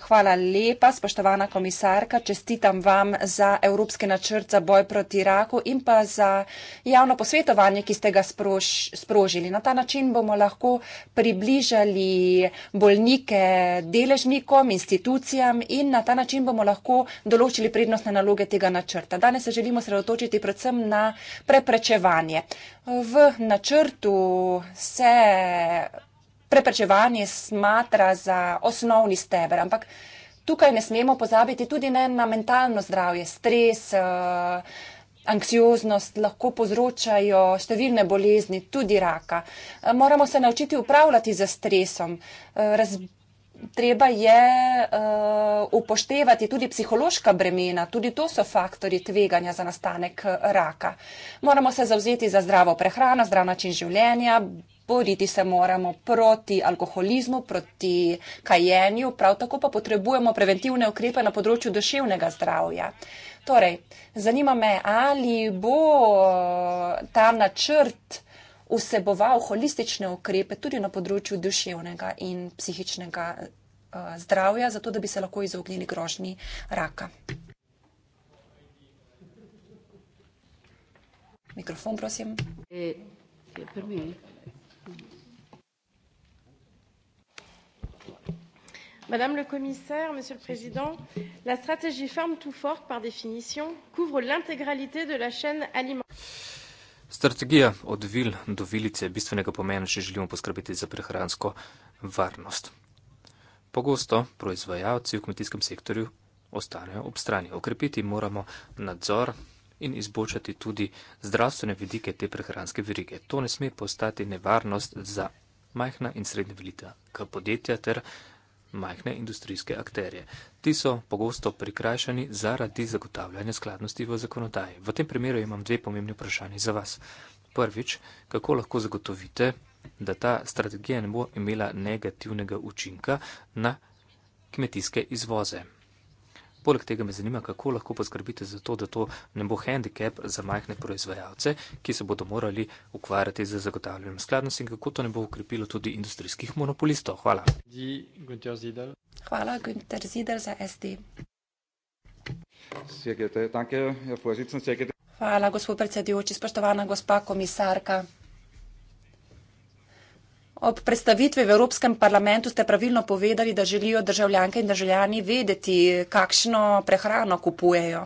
S3: Hvala lepa, spoštovana komisarka. Čestitam vam za evropski načrt za boj proti raku in pa za javno posvetovanje, ki ste ga sprož, sprožili. Na ta način bomo lahko približali bolnike deležnikom, institucijam in na ta način bomo lahko določili prednostne naloge tega načrta. Danes se želimo sredotočiti predvsem na preprečevanje. V načrtu se preprečevanje smatra za osnovni steber. Ampak tukaj ne smemo pozabiti tudi ne na mentalno zdravje. Stres, eh, anksioznost lahko povzročajo številne bolezni, tudi raka. Eh, moramo se naučiti upravljati z stresom. Eh, raz Treba je uh, upoštevati tudi psihološka bremena, tudi to so faktori tveganja za nastanek raka. Moramo se zauzeti za zdravo prehrano, zdrav način življenja, boriti se moramo proti alkoholizmu, proti kajenju, prav tako pa potrebujemo preventivne ukrepe na področju duševnega zdravja. Torej, zanima me, ali bo eh, ta načrt vseboval holistične ukrepe tudi na področju duševnega in psihičnega eh, zdravja, zato da bi se lahko izognili grožnji raka. Mikrofon, prosim. E, eh, je prvi. Madame le Commissaire, Monsieur le Président, la
S2: stratégie Farm to Fork, par définition, couvre l'intégralité de la chaîne alimentaire.
S1: Strategija od vil do vilice je bistvenega pomena, če želimo poskrbeti za prehransko varnost. Pogosto proizvajalci v kmetijskem sektorju ostanejo ob strani. Okrepiti moramo nadzor in izboljšati tudi zdravstvene vidike te prehranske verige. To ne sme postati nevarnost za majhna in srednja velika podjetja ter majhne industrijske akterje. Ti so pogosto prikrajšani zaradi zagotavljanja skladnosti v zakonodaji. V tem primeru imam dve pomembni vprašanji za vas. Prvič, kako lahko zagotovite, da ta strategija ne bo imela negativnega učinka na kmetijske izvoze? Poleg tega me zanima, kako lahko poskrbite za to, da to ne bo handicap za majhne proizvajalce, ki se bodo morali ukvarjati z zagotavljanjem skladnosti in kako to ne bo ukrepilo tudi industrijskih monopolistov. Hvala.
S3: Hvala, Günter Zidel za SD. Hvala, gospod predsedujoči, spoštovana gospa komisarka. Ob predstavitvi v Evropskem parlamentu ste pravilno povedali, da želijo državljanke in državljani vedeti, kakšno prehrano kupujejo.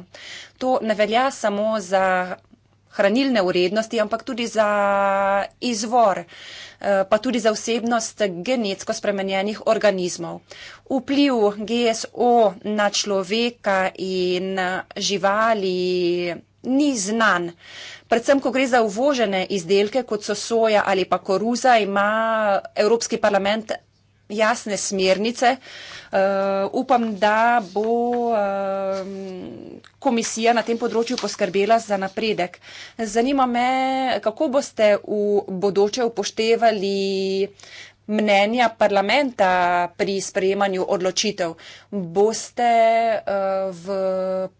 S3: To ne velja samo za hranilne urednosti, ampak tudi za izvor, eh, pa tudi za vsebnost genetsko spremenjenih organizmov. Vpliv GSO na človeka in živali ni znan. Predvsem, ko gre za uvožene izdelke, kot so soja ali pa koruza, ima Evropski parlament jasne smernice. Uh, upam, da bo uh, komisija na tem področju poskrbela za napredek. Zanima me, kako boste v bodoče upoštevali uh, mnenja parlamenta pri sprejemanju odločitev. Boste eh, v,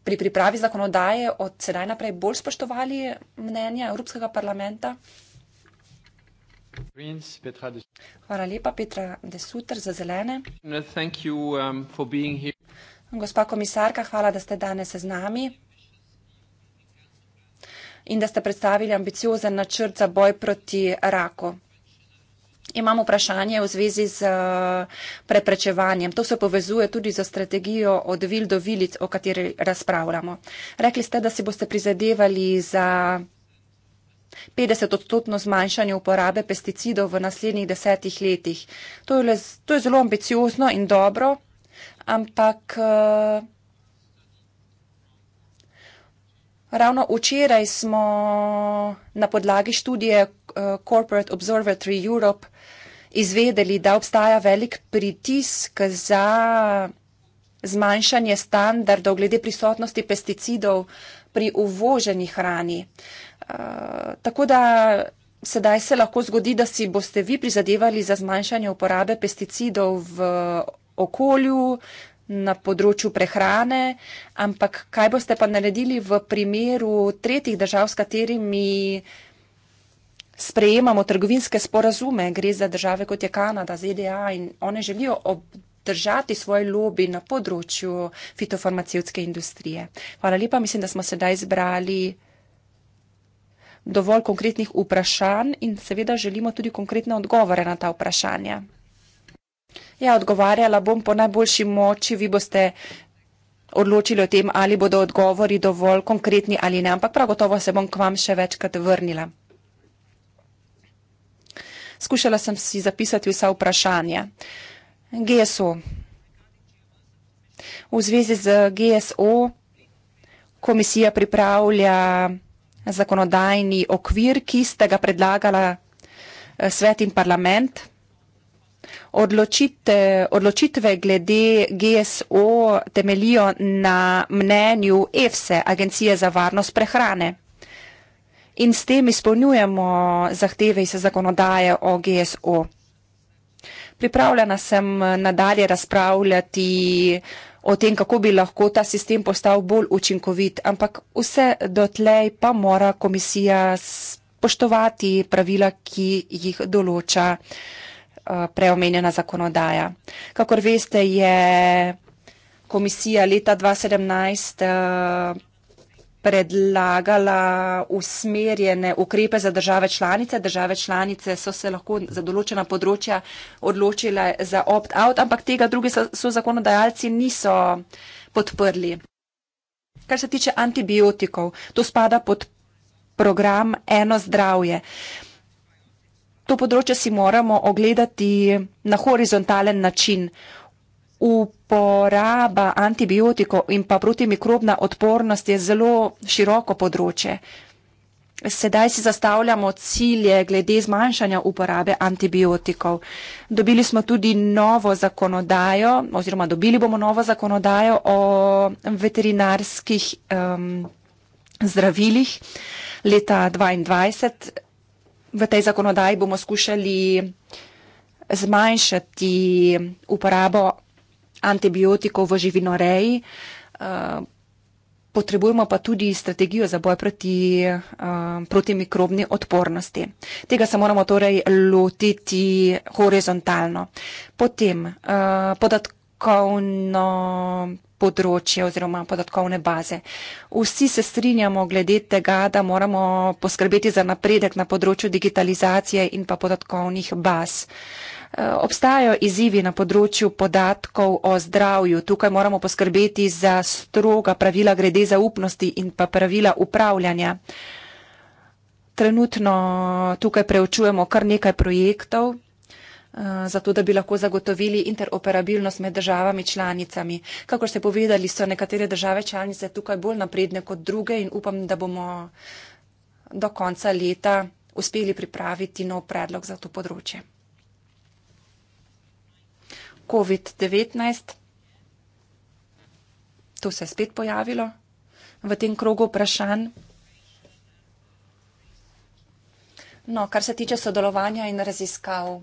S3: pri pripravi zakonodaje od sedaj naprej bolj spoštovali mnenja Evropskega parlamenta? Hvala lepa, Petra Desuter za zelene.
S1: No, you, um,
S3: Gospa komisarka, hvala, da ste danes z nami in da ste predstavili ambiciozen načrt za boj proti raku imam vprašanje v zvezi z eh, preprečevanjem. To se povezuje tudi z strategijo od vil do vilic, o kateri razpravljamo. Rekli ste, da si boste prizadevali za 50-odstotno zmanjšanje uporabe pesticidov v naslednjih desetih letih. To je, le, to je zelo ambiciozno in dobro, ampak uh, ravno včeraj smo na podlagi študije Eh, Corporate Observatory Europe izvedeli, da obstaja velik pritisk za zmanjšanje standardov glede prisotnosti pesticidov pri uvoženi hrani. Eh, tako da sedaj se lahko zgodi, da si boste vi prizadevali za zmanjšanje uporabe pesticidov v okolju, na področju prehrane, ampak kaj boste pa naredili v primeru tretjih držav, s katerimi sprejemamo trgovinske sporazume, gre za države kot je Kanada, ZDA in one želijo obdržati svoj lobby na področju fitofarmacevtske industrije. Hvala lepa, mislim, da smo sedaj izbrali dovolj konkretnih vprašanj in seveda želimo tudi konkretne odgovore na ta vprašanja. Ja, odgovarjala bom po najboljši moči, vi boste odločili o tem, ali bodo odgovori dovolj konkretni ali ne, ampak prav gotovo se bom k vam še večkrat vrnila. Skušala sem si zapisati vsa vprašanja. GSO. V zvezi z GSO komisija pripravlja zakonodajni okvir, ki ste ga predlagala eh, svet in parlament. Odločite, odločitve glede GSO temelijo na mnenju EFSE, Agencije za varnost prehrane in s tem izpolnjujemo zahteve iz zakonodaje o GSO. Pripravljena sem eh, nadalje razpravljati o tem, kako bi lahko ta sistem postal bolj učinkovit, ampak vse dotlej pa mora komisija spoštovati pravila, ki jih določa eh, preomenjena zakonodaja. Kakor veste, je komisija leta 2017 predlagala usmerjene ukrepe za države članice. Države članice so se lahko za določena področja odločile za opt-out, ampak tega drugi so, so zakonodajalci niso podprli. Kar se tiče antibiotikov, to spada pod program Eno zdravje. To področje si moramo ogledati na horizontalen način uporaba antibiotikov in pa protimikrobna odpornost je zelo široko področje. Sedaj si zastavljamo cilje glede zmanjšanja uporabe antibiotikov. Dobili smo tudi novo zakonodajo oziroma dobili bomo novo zakonodajo o veterinarskih um, zdravilih leta 2022. V tej zakonodaji bomo skušali zmanjšati uporabo antibiotikov v živinoreji. Eh, potrebujemo pa tudi strategijo za boj proti, eh, proti mikrobni odpornosti. Tega se moramo torej lotiti horizontalno. Potem eh, podatkovno področje oziroma podatkovne baze. Vsi se strinjamo glede tega, da moramo poskrbeti za napredek na področju digitalizacije in pa podatkovnih baz. Uh, Eh, obstajajo izzivi na področju podatkov o zdravju. Tukaj moramo poskrbeti za stroga pravila glede zaupnosti in pa pravila upravljanja. Trenutno tukaj preučujemo kar nekaj projektov eh, zato da bi lahko zagotovili interoperabilnost med državami članicami. Kako ste povedali, so nekatere države članice tukaj bolj napredne kot druge in upam, da bomo do konca leta uspeli pripraviti nov predlog za to področje. COVID-19, to se je spet pojavilo v tem krogu vprašanj. No, kar se tiče sodelovanja in raziskav.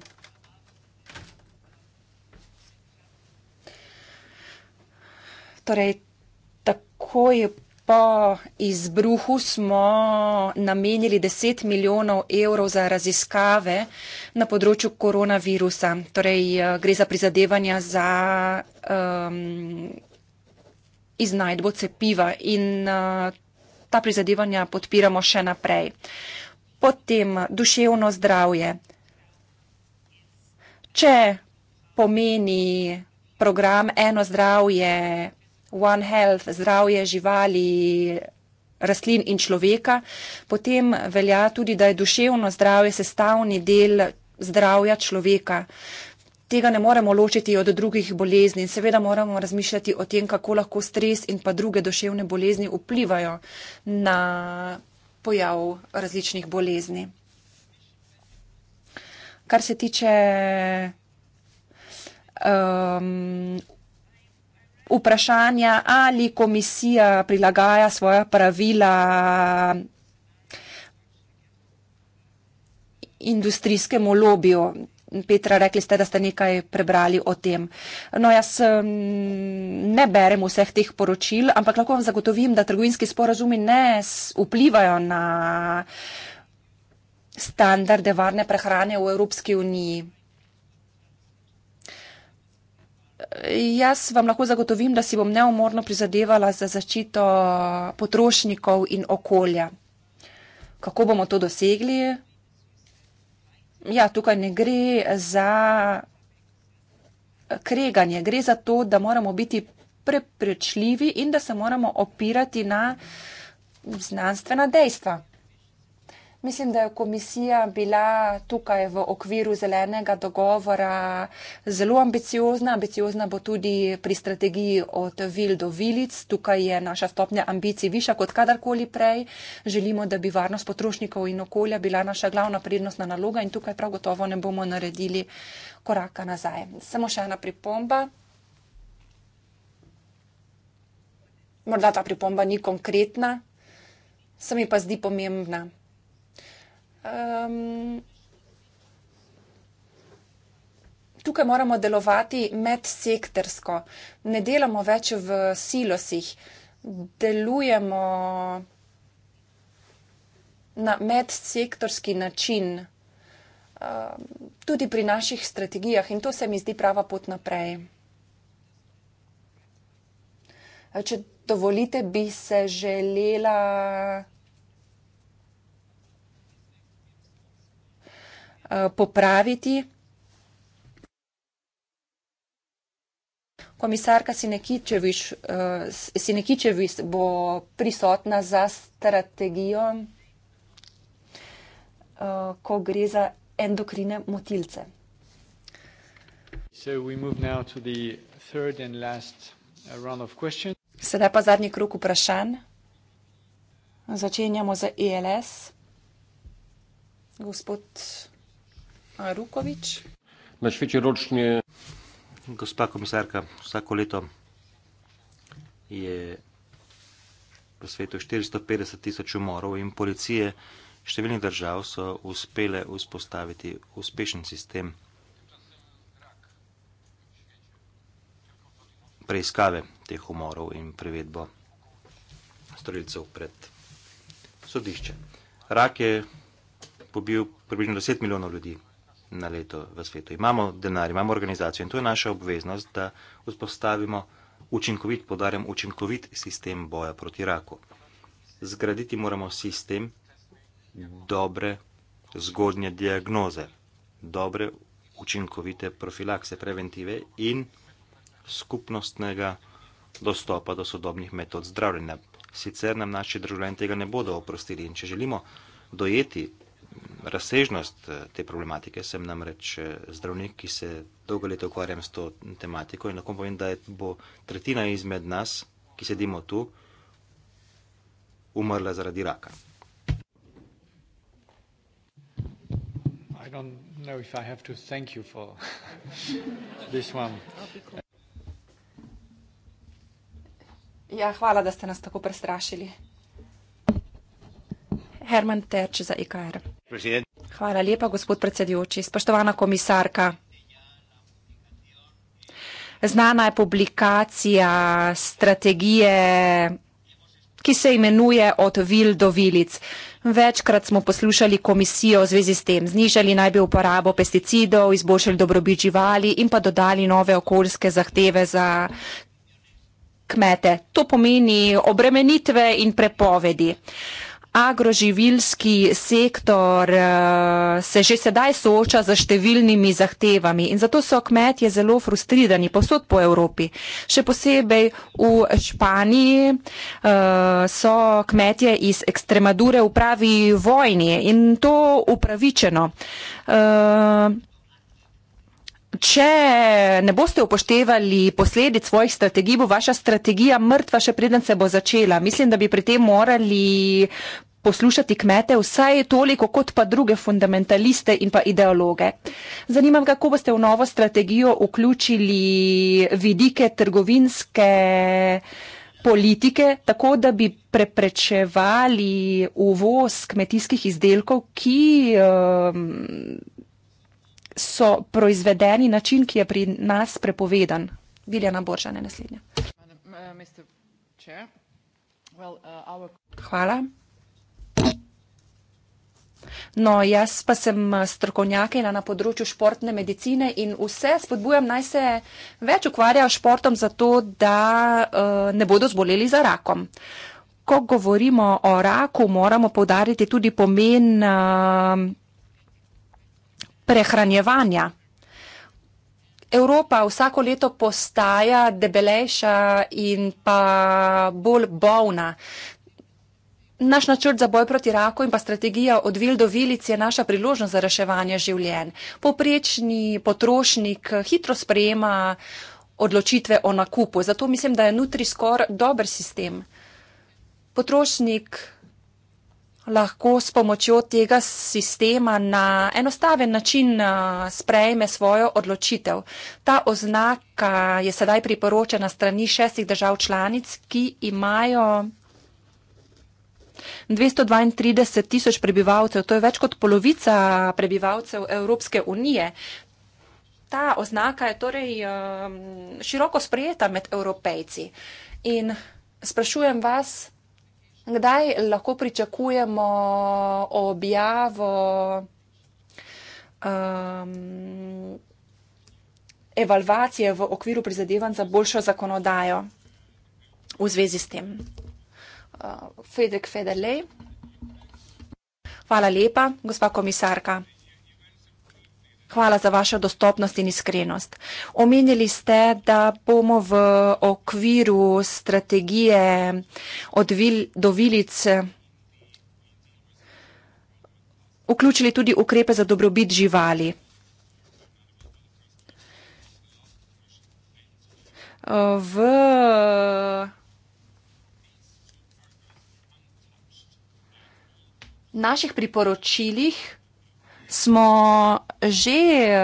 S3: Torej, tako je po izbruhu smo namenili 10 milijonov evrov za raziskave na področju koronavirusa. Torej, eh, gre za prizadevanja za um, iznajdbo cepiva in uh, ta prizadevanja podpiramo še naprej. Potem duševno zdravje. Če pomeni program eno zdravje One Health, zdravje živali, rastlin in človeka. Potem velja tudi, da je duševno zdravje sestavni del zdravja človeka. Tega ne moremo ločiti od drugih bolezni in seveda moramo razmišljati o tem, kako lahko stres in pa druge duševne bolezni vplivajo na pojav različnih bolezni. Kar se tiče um, vprašanja, ali komisija prilagaja svoja pravila industrijskemu lobiju. Petra, rekli ste, da ste nekaj prebrali o tem. No, jaz ne berem vseh teh poročil, ampak lahko vam zagotovim, da trgovinski sporazumi ne vplivajo na standarde varne prehrane v Evropski uniji. jaz vam lahko zagotovim, da si bom neumorno prizadevala za zaščito potrošnikov in okolja. Kako bomo to dosegli? Ja, tukaj ne gre za kreganje, gre za to, da moramo biti preprečljivi in da se moramo opirati na znanstvena dejstva. Mislim, da je komisija bila tukaj v okviru zelenega dogovora zelo ambiciozna. Ambiciozna bo tudi pri strategiji od vil do vilic. Tukaj je naša stopnja ambicij viša kot kadarkoli prej. Želimo, da bi varnost potrošnikov in okolja bila naša glavna prednostna naloga in tukaj prav gotovo ne bomo naredili koraka nazaj. Samo še ena pripomba. Morda ta pripomba ni konkretna, se mi pa zdi pomembna. Um, tukaj moramo delovati medsektorsko. Ne delamo več v silosih, delujemo na medsektorski način. Tudi pri naših strategijah, in to se mi zdi prava pot naprej. Če dovolite, bi se želela Eh, popraviti. Komisarka eh, Sinekičevič bo prisotna za strategijo, eh, ko gre za endokrine motilce. Uh, Sedaj pa zadnji krok vprašanj. Začenjamo za ELS. Gospod Vrstavljaj. Rukovič.
S2: Na švečer ročni. Gospa komisarka, vsako leto je v svetu 450 tisoč umorov in policije številnih držav so uspele vzpostaviti uspešen sistem preiskave teh umorov in privedbo storilcev pred sodišče. Rak je pobil približno 10 milijonov ljudi na leto v svetu. Imamo denar, imamo organizacijo in to je naša obveznost, da vzpostavimo učinkovit, podarjam, učinkovit sistem boja proti raku. Zgraditi moramo sistem dobre, zgodnje diagnoze, dobre, učinkovite profilakse, preventive in skupnostnega dostopa do sodobnih metod zdravljenja. Sicer nam naši državljani tega ne bodo oprostili in če želimo dojeti razsežnost eh, te problematike. Sem namreč eh, zdravnik, ki se dolgo leta ukvarjam s to tematiko in lahko povem, da je, bo tretjina izmed nas, ki sedimo tu, umrla zaradi raka.
S3: Ja, hvala, da ste nas tako prestrašili. Herman Terč za IKR. E Hvala lepa, gospod predsedujoči. Spoštovana komisarka. Znana je publikacija strategije, ki se imenuje Od vil do vilic. Večkrat smo poslušali komisijo v zvezi s tem. Znižali naj bi uporabo pesticidov, izboljšali dobrobit živali in pa dodali nove okoljske zahteve za kmete. To pomeni obremenitve in prepovedi agroživilski sektor eh, se že sedaj sooča z številnimi zahtevami in zato so kmetje zelo frustrirani posod po Evropi. Še posebej v Španiji eh, so kmetje iz Ekstremadure v pravi vojni in to upravičeno. Eh, če ne boste upoštevali posledic svojih strategij, bo vaša strategija mrtva, še preden se bo začela. Mislim, da bi pri tem morali poslušati kmete vsaj toliko kot pa druge fundamentaliste in pa ideologe. Zanimam, kako boste v novo strategijo vključili vidike trgovinske politike, tako da bi preprečevali uvoz kmetijskih izdelkov, ki um, so proizvedeni način, ki je pri nas prepovedan. Viljana Boržane, naslednja. Hvala. No, jaz pa sem eh, strokovnjakina na področju športne medicine in vse spodbujam naj se več ukvarjajo s športom, zato da uh, ne bodo zboleli za rakom. Ko govorimo o raku, moramo povdariti tudi pomen uh, prehranjevanja. Evropa vsako leto postaja debelejša in pa bolj bolna. Naš načrt za boj proti raku in pa strategija od vil do vilic je naša priložnost za reševanje življenj. Poprečni potrošnik hitro sprejema odločitve o nakupu. Zato mislim, da je Nutri skor dober sistem. Potrošnik lahko s pomočjo tega sistema na enostaven način eh, sprejme svojo odločitev. Ta oznaka je sedaj priporočena strani šestih držav članic, ki imajo 232 tisoč prebivalcev, to je več kot polovica prebivalcev Evropske unije. Ta oznaka je torej eh, široko sprejeta med evropejci. In sprašujem vas, Kdaj lahko pričakujemo objavo um, evalvacije v okviru prizadevanj za boljšo zakonodajo v zvezi s tem? Uh, Federik Federlej. Hvala lepa, gospa komisarka. Hvala za vašo dostopnost in iskrenost. Omenili ste, da bomo v okviru strategije od vil, do vilic vključili tudi ukrepe za dobrobit živali. V naših priporočilih smo že eh,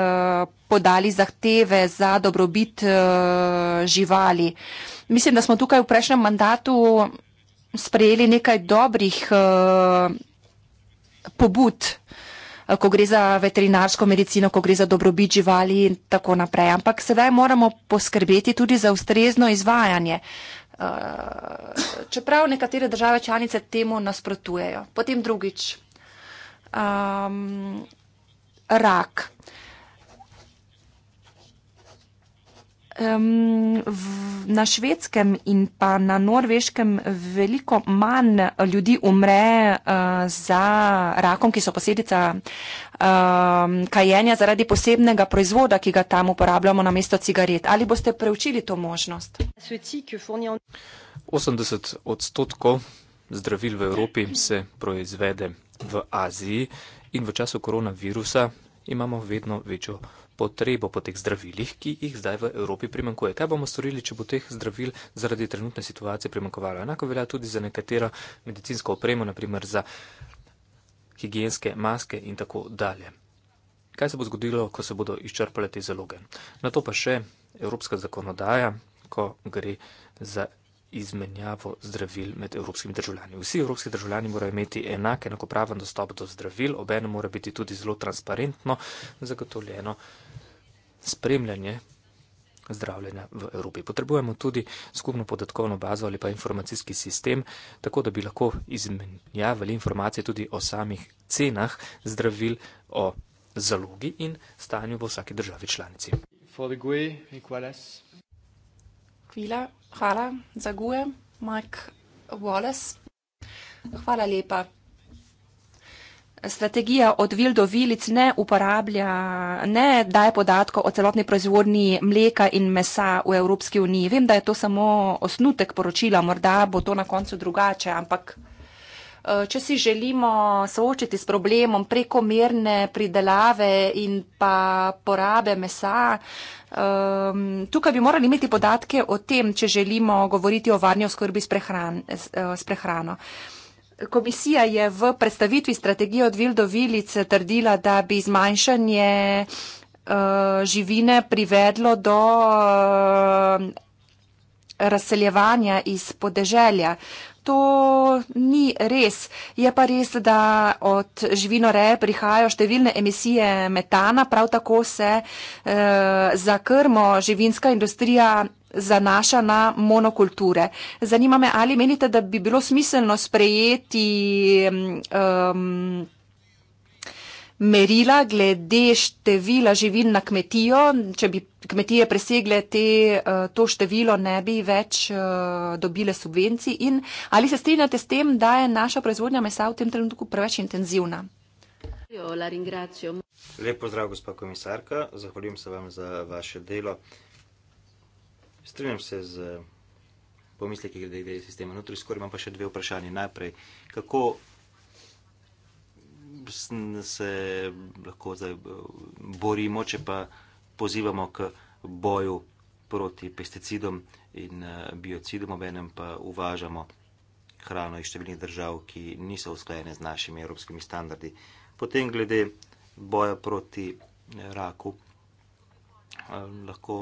S3: podali zahteve za dobrobit eh, živali. Mislim, da smo tukaj v prejšnjem mandatu sprejeli nekaj dobrih eh, pobud, ko gre za veterinarsko medicino, ko gre za dobrobit živali in tako naprej. Ampak sedaj moramo poskrbeti tudi za ustrezno izvajanje. Čeprav nekatere države članice temu nasprotujejo. Potem drugič. Um, rak. Um, v, na švedskem in pa na norveškem veliko manj ljudi umre uh, za rakom, ki so posledica um, kajenja zaradi posebnega proizvoda, ki ga tam uporabljamo na mesto cigaret. Ali boste preučili to možnost?
S1: 80 odstotkov zdravil v Evropi se proizvede v Aziji. In v času koronavirusa imamo vedno večjo potrebo po teh zdravilih, ki jih zdaj v Evropi primankuje. Kaj bomo storili, če bo teh zdravil zaradi trenutne situacije primankovalo? Enako velja tudi za nekatero medicinsko opremo, naprimer za higijenske maske in tako dalje. Kaj se bo zgodilo, ko se bodo izčrpale te zaloge? Na to pa še evropska zakonodaja, ko gre za izmenjavo zdravil med evropskimi državljani. Vsi evropski državljani morajo imeti enak, enakopraven dostop do zdravil, obenem mora biti tudi zelo transparentno zagotovljeno spremljanje zdravljenja v Evropi. Potrebujemo tudi skupno podatkovno bazo ali pa informacijski sistem, tako da bi lahko izmenjavali informacije tudi o samih cenah zdravil, o zalogi in stanju v vsaki državi članici.
S3: Vila, hvala za guje, Mike Wallace. Hvala lepa. Strategija od vil do vilic ne uporablja, ne daje podatkov o celotni proizvodnji mleka in mesa v Evropski uniji. Vem, da je to samo osnutek poročila, morda bo to na koncu drugače, ampak. Eh, če si želimo soočiti s problemom prekomerne pridelave in pa porabe mesa, um, tukaj bi morali imeti podatke o tem, če želimo govoriti o varni oskrbi s, prehran, s, eh, s prehrano. Komisija je v predstavitvi strategije od Vildo Vilice trdila, da bi zmanjšanje uh, živine privedlo do uh, razseljevanja iz podeželja. To ni res. Je pa res, da od živinoreje prihajajo številne emisije metana, prav tako se eh, za krmo živinska industrija zanaša na monokulture. Zanima me, ali menite, da bi bilo smiselno sprejeti. Eh, merila glede števila živin na kmetijo. Če bi kmetije presegle te, eh, to število, ne bi več eh, dobile subvencij. In ali se strinjate s tem, da je naša proizvodnja mesa v tem trenutku preveč intenzivna?
S2: Lepo zdrav, gospod komisarka. Zahvaljujem se vam za vaše delo. Strinjam se z eh, pomisleki glede sistema. Notri skoraj imam pa še dve vprašanje. Najprej, kako se lahko zdaj eh, borimo, če pa pozivamo k boju proti pesticidom in eh, biocidom, ob enem pa uvažamo hrano iz številnih držav, ki niso usklajene z našimi evropskimi standardi. Potem glede boja proti eh, raku, lahko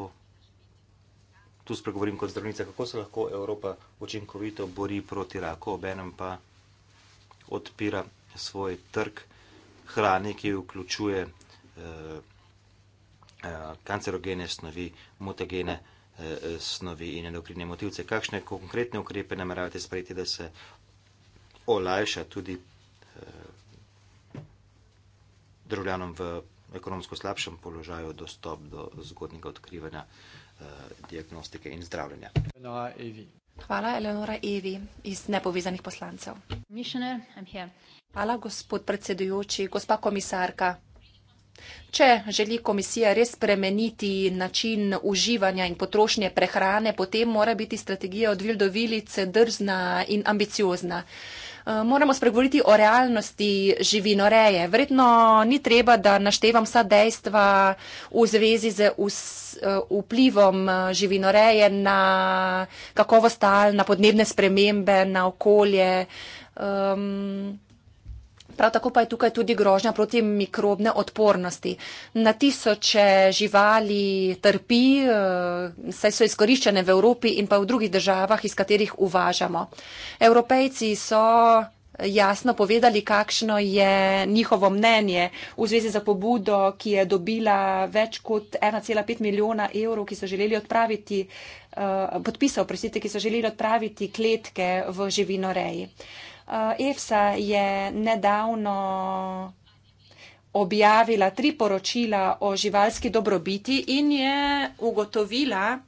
S2: tu spregovorim kot zdravnica, kako se lahko Evropa učinkovito bori proti raku, ob enem pa odpira raku svoj trg hrane, ki vključuje eh, eh, kancerogene snovi, mutagene eh, snovi in endokrine motivce. Kakšne konkretne ukrepe nameravate sprejeti, da se olajša tudi državljanom v ekonomsko slabšem položaju dostop do zgodnega odkrivanja diagnostike in zdravljenja?
S3: Hvala, Eleonora Evi iz nepovezanih poslancev. Hvala, gospod predsedujoči, gospa komisarka. Če želi komisija res spremeniti način uživanja in potrošnje prehrane, potem mora biti strategija od vil do vilice drzna in ambiciozna. Eh, moramo spregovoriti o realnosti živinoreje. Verjetno ni treba, da naštevam vsa dejstva v zvezi z eh, vplivom eh, živinoreje na kakovost tal, na podnebne spremembe, na okolje. Um, Prav tako pa je tukaj tudi grožnja proti mikrobne odpornosti. Na tisoče živali trpi, eh, saj so izkoriščene v Evropi in pa v drugih državah, iz katerih uvažamo. Evropejci so jasno povedali, kakšno je njihovo mnenje v zvezi za pobudo, ki je dobila več kot 1,5 milijona evrov, ki so želeli odpraviti, eh, podpisal, prosite, ki so želeli odpraviti kletke v živinoreji. Eh, EFSA je nedavno objavila tri poročila o živalski dobrobiti in je ugotovila,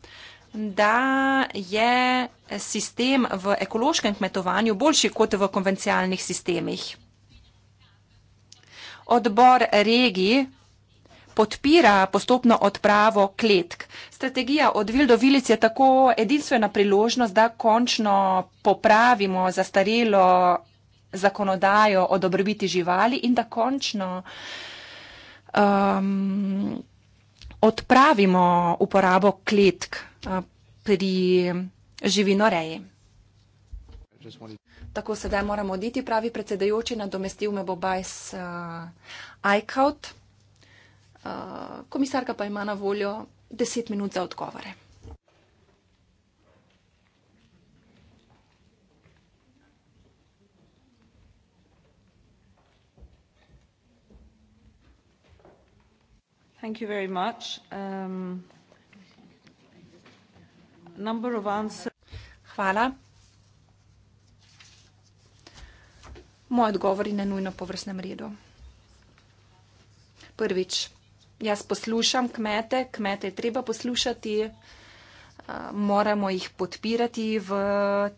S3: da je sistem v ekološkem kmetovanju boljši kot v konvencionalnih sistemih. Odbor regij podpira postopno odpravo kletk. Strategija od Vil do Vilic je tako edinstvena priložnost, da končno popravimo zastarelo zakonodajo o dobrobiti živali in da končno um, odpravimo uporabo kletk uh, pri živinoreji. Tako sedaj moramo oditi, pravi predsedajoči, nadomestil me bo Bajs uh, Eichhout. Eh, komisarka pa ima na voljo deset minut za odgovore. Thank you very much. Um, Hvala. Moji odgovori na nujno po vrstnem redu. Prvič, jaz poslušam kmete, kmete je treba poslušati, eh, moramo jih podpirati v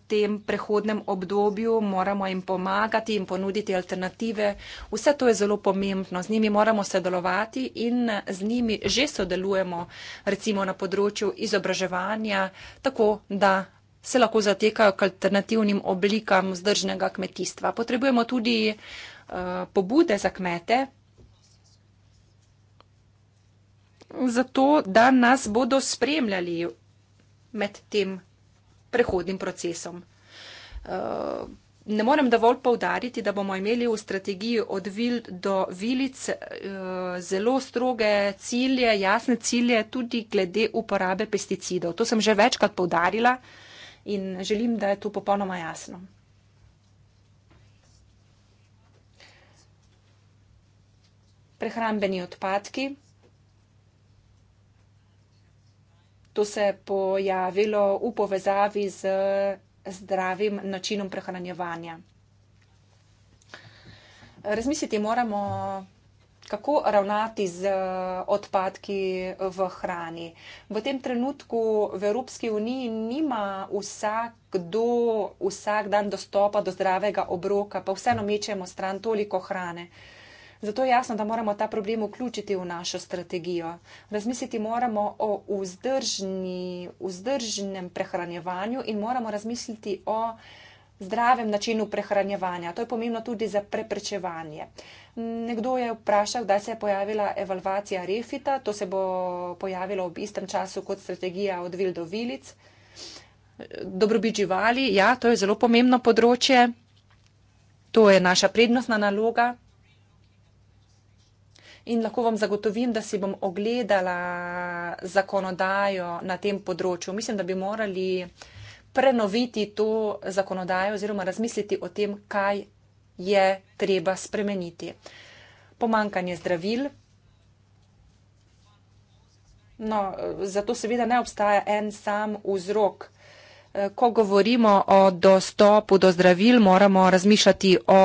S3: tem prehodnem obdobju, moramo jim pomagati in ponuditi alternative. Vse to je zelo pomembno, z njimi moramo sodelovati in z njimi že sodelujemo, recimo na področju izobraževanja, tako da se lahko zatekajo k alternativnim oblikam vzdržnega kmetijstva. Potrebujemo tudi uh, pobude za kmete, zato, da nas bodo spremljali med tem prehodnim procesom. Eh, ne morem dovolj povdariti, da bomo imeli v strategiji od vil do vilic eh, zelo stroge cilje, jasne cilje tudi glede uporabe pesticidov. To sem že večkrat povdarila in želim, da je to popolnoma jasno. Prehrambeni odpadki. To se je pojavilo v povezavi z zdravim načinom prehranjevanja. Razmisliti moramo, kako ravnati z odpadki v hrani. V tem trenutku v Evropski uniji nima vsakdo vsak dan dostopa do zdravega obroka, pa vseeno mečemo stran toliko hrane. Uh, Zato je jasno, da moramo ta problem vključiti v našo strategijo. Razmisliti moramo o vzdržni, vzdržnem prehranjevanju in moramo razmisliti o zdravem načinu prehranjevanja. To je pomembno tudi za preprečevanje. Nekdo je vprašal, da se je pojavila evalvacija refita, to se bo pojavilo ob istem času kot strategija od vil do vilic. Dobrobit živali, ja, to je zelo pomembno področje. To je naša prednostna naloga in lahko vam zagotovim, da si bom ogledala zakonodajo na tem področju. Mislim, da bi morali prenoviti to zakonodajo oziroma razmisliti o tem, kaj je treba spremeniti. Pomankanje zdravil. No, zato seveda ne obstaja en sam vzrok. Eh, ko govorimo o dostopu do zdravil, moramo razmišljati o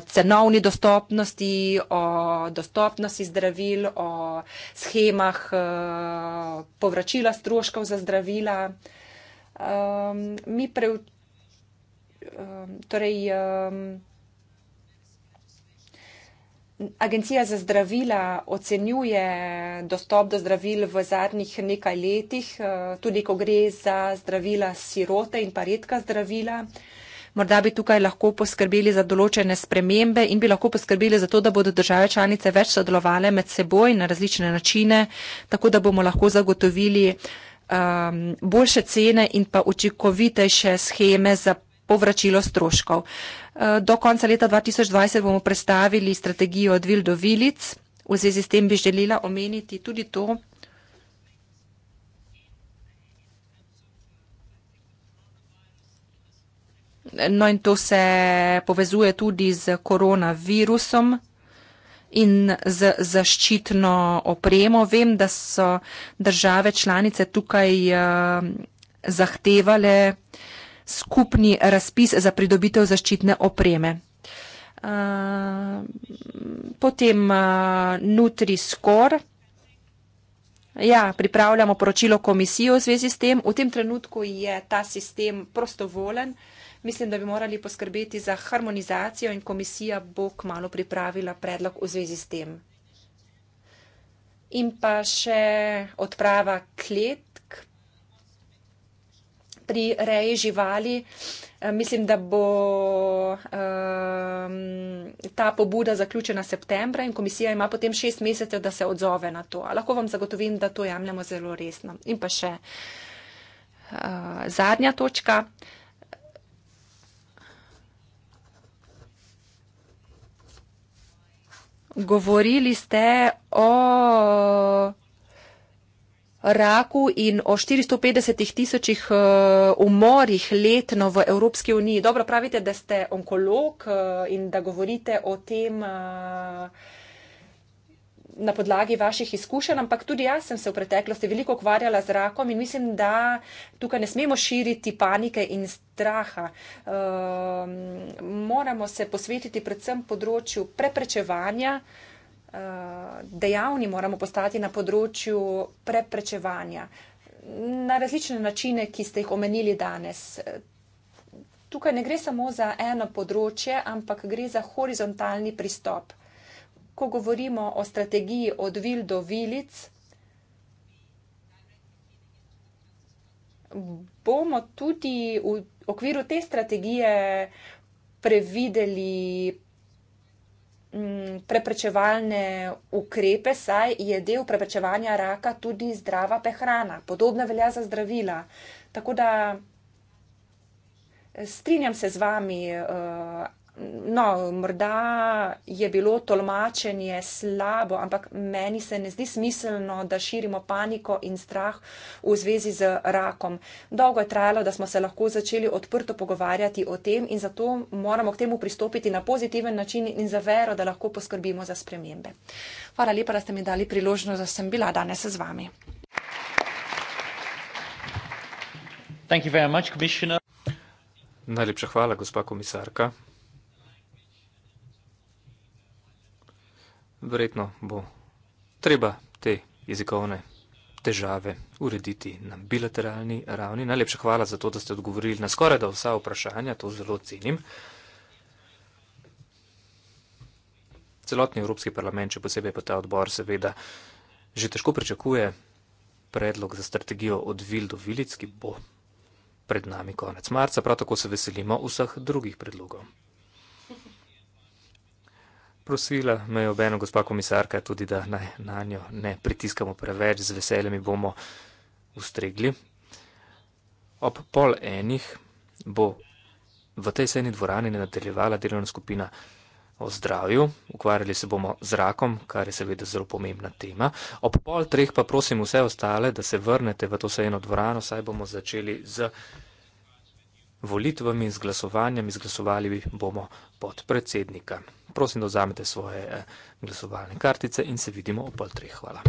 S3: cenovni dostopnosti, o dostopnosti zdravil, o schemah eh, povračila stroškov za zdravila. Um, mi preu... Um, torej, um, Agencija za zdravila ocenjuje dostop do zdravil v zadnjih nekaj letih, eh, tudi ko gre za zdravila sirote in pa redka zdravila. Morda bi tukaj lahko poskrbeli za določene spremembe in bi lahko poskrbeli za to, da bodo države članice več sodelovale med seboj na različne načine, tako da bomo lahko zagotovili um, boljše cene in pa učinkovitejše scheme za povračilo stroškov. Eh, do konca leta 2020 bomo predstavili strategijo od vil do vilic. V zvezi s tem bi želela omeniti tudi to, No in to se povezuje tudi z koronavirusom in z zaščitno opremo. Vem, da so države članice tukaj eh, zahtevale uh, skupni razpis za pridobitev zaščitne opreme. Potem nutri skor. Ja, pripravljamo poročilo komisijo v zvezi s tem. V tem trenutku je ta sistem prostovolen. Mislim, da bi morali poskrbeti za harmonizacijo in komisija bo k malu pripravila predlog v zvezi s tem. In pa še odprava klet pri reji živali. Eh, mislim, da bo um, ta pobuda zaključena septembra in komisija ima potem šest mesecev, da se odzove na to. Lahko vam zagotovim, da to jemljemo zelo resno. In pa še uh, zadnja točka. Govorili ste o raku in o 450 tisočih eh, umorih letno v Evropski uniji. Dobro, pravite, da ste onkolog eh, in da govorite o tem eh, na podlagi vaših izkušenj, ampak tudi jaz sem se v preteklosti veliko ukvarjala z rakom in mislim, da tukaj ne smemo širiti panike in straha. Moramo se posvetiti predvsem področju preprečevanja. Eh, dejavni moramo postati na področju preprečevanja na različne načine, ki ste jih omenili danes. Tukaj ne gre samo za eno področje, ampak gre za horizontalni pristop. Ko govorimo o strategiji od vil do vilic, bomo tudi v okviru te strategije prevideli Mm, preprečevalne ukrepe, saj je del preprečevanja raka tudi zdrava prehrana. Podobno velja za zdravila. Tako da strinjam se z vami, eh, no, morda je bilo tolmačenje slabo, ampak meni se ne zdi smiselno, da širimo paniko in strah v zvezi z rakom. Dolgo je trajalo, da smo se lahko začeli odprto pogovarjati o tem in zato moramo k temu pristopiti na pozitiven način in za vero, da lahko poskrbimo za spremembe. Hvala lepa, da ste mi dali priložnost, da sem bila danes z vami.
S1: Najlepša hvala, gospa komisarka. verjetno bo treba te jezikovne težave urediti na bilateralni ravni. Najlepša hvala za to, da ste odgovorili na skoraj da vsa vprašanja, to zelo cenim. Celotni Evropski parlament, še posebej pa ta odbor, seveda že težko pričakuje predlog za strategijo od vil do vilic, ki bo pred nami konec marca. Prav tako se veselimo vseh drugih predlogov prosila me je obeno gospa komisarka tudi, da naj na njo ne pritiskamo preveč, z veseljem bomo ustregli. Ob pol enih bo v tej sejni dvorani nadaljevala delovna skupina o zdravju, ukvarjali se bomo z rakom, kar je seveda zelo pomembna tema. Ob pol treh pa prosim vse ostale, da se vrnete v to sejno dvorano, saj bomo začeli z volitvami, z glasovanjem, izglasovali bomo podpredsednika. Prosim, da vzamete svoje eh, glasovalne kartice in se vidimo ob pol treh. Hvala.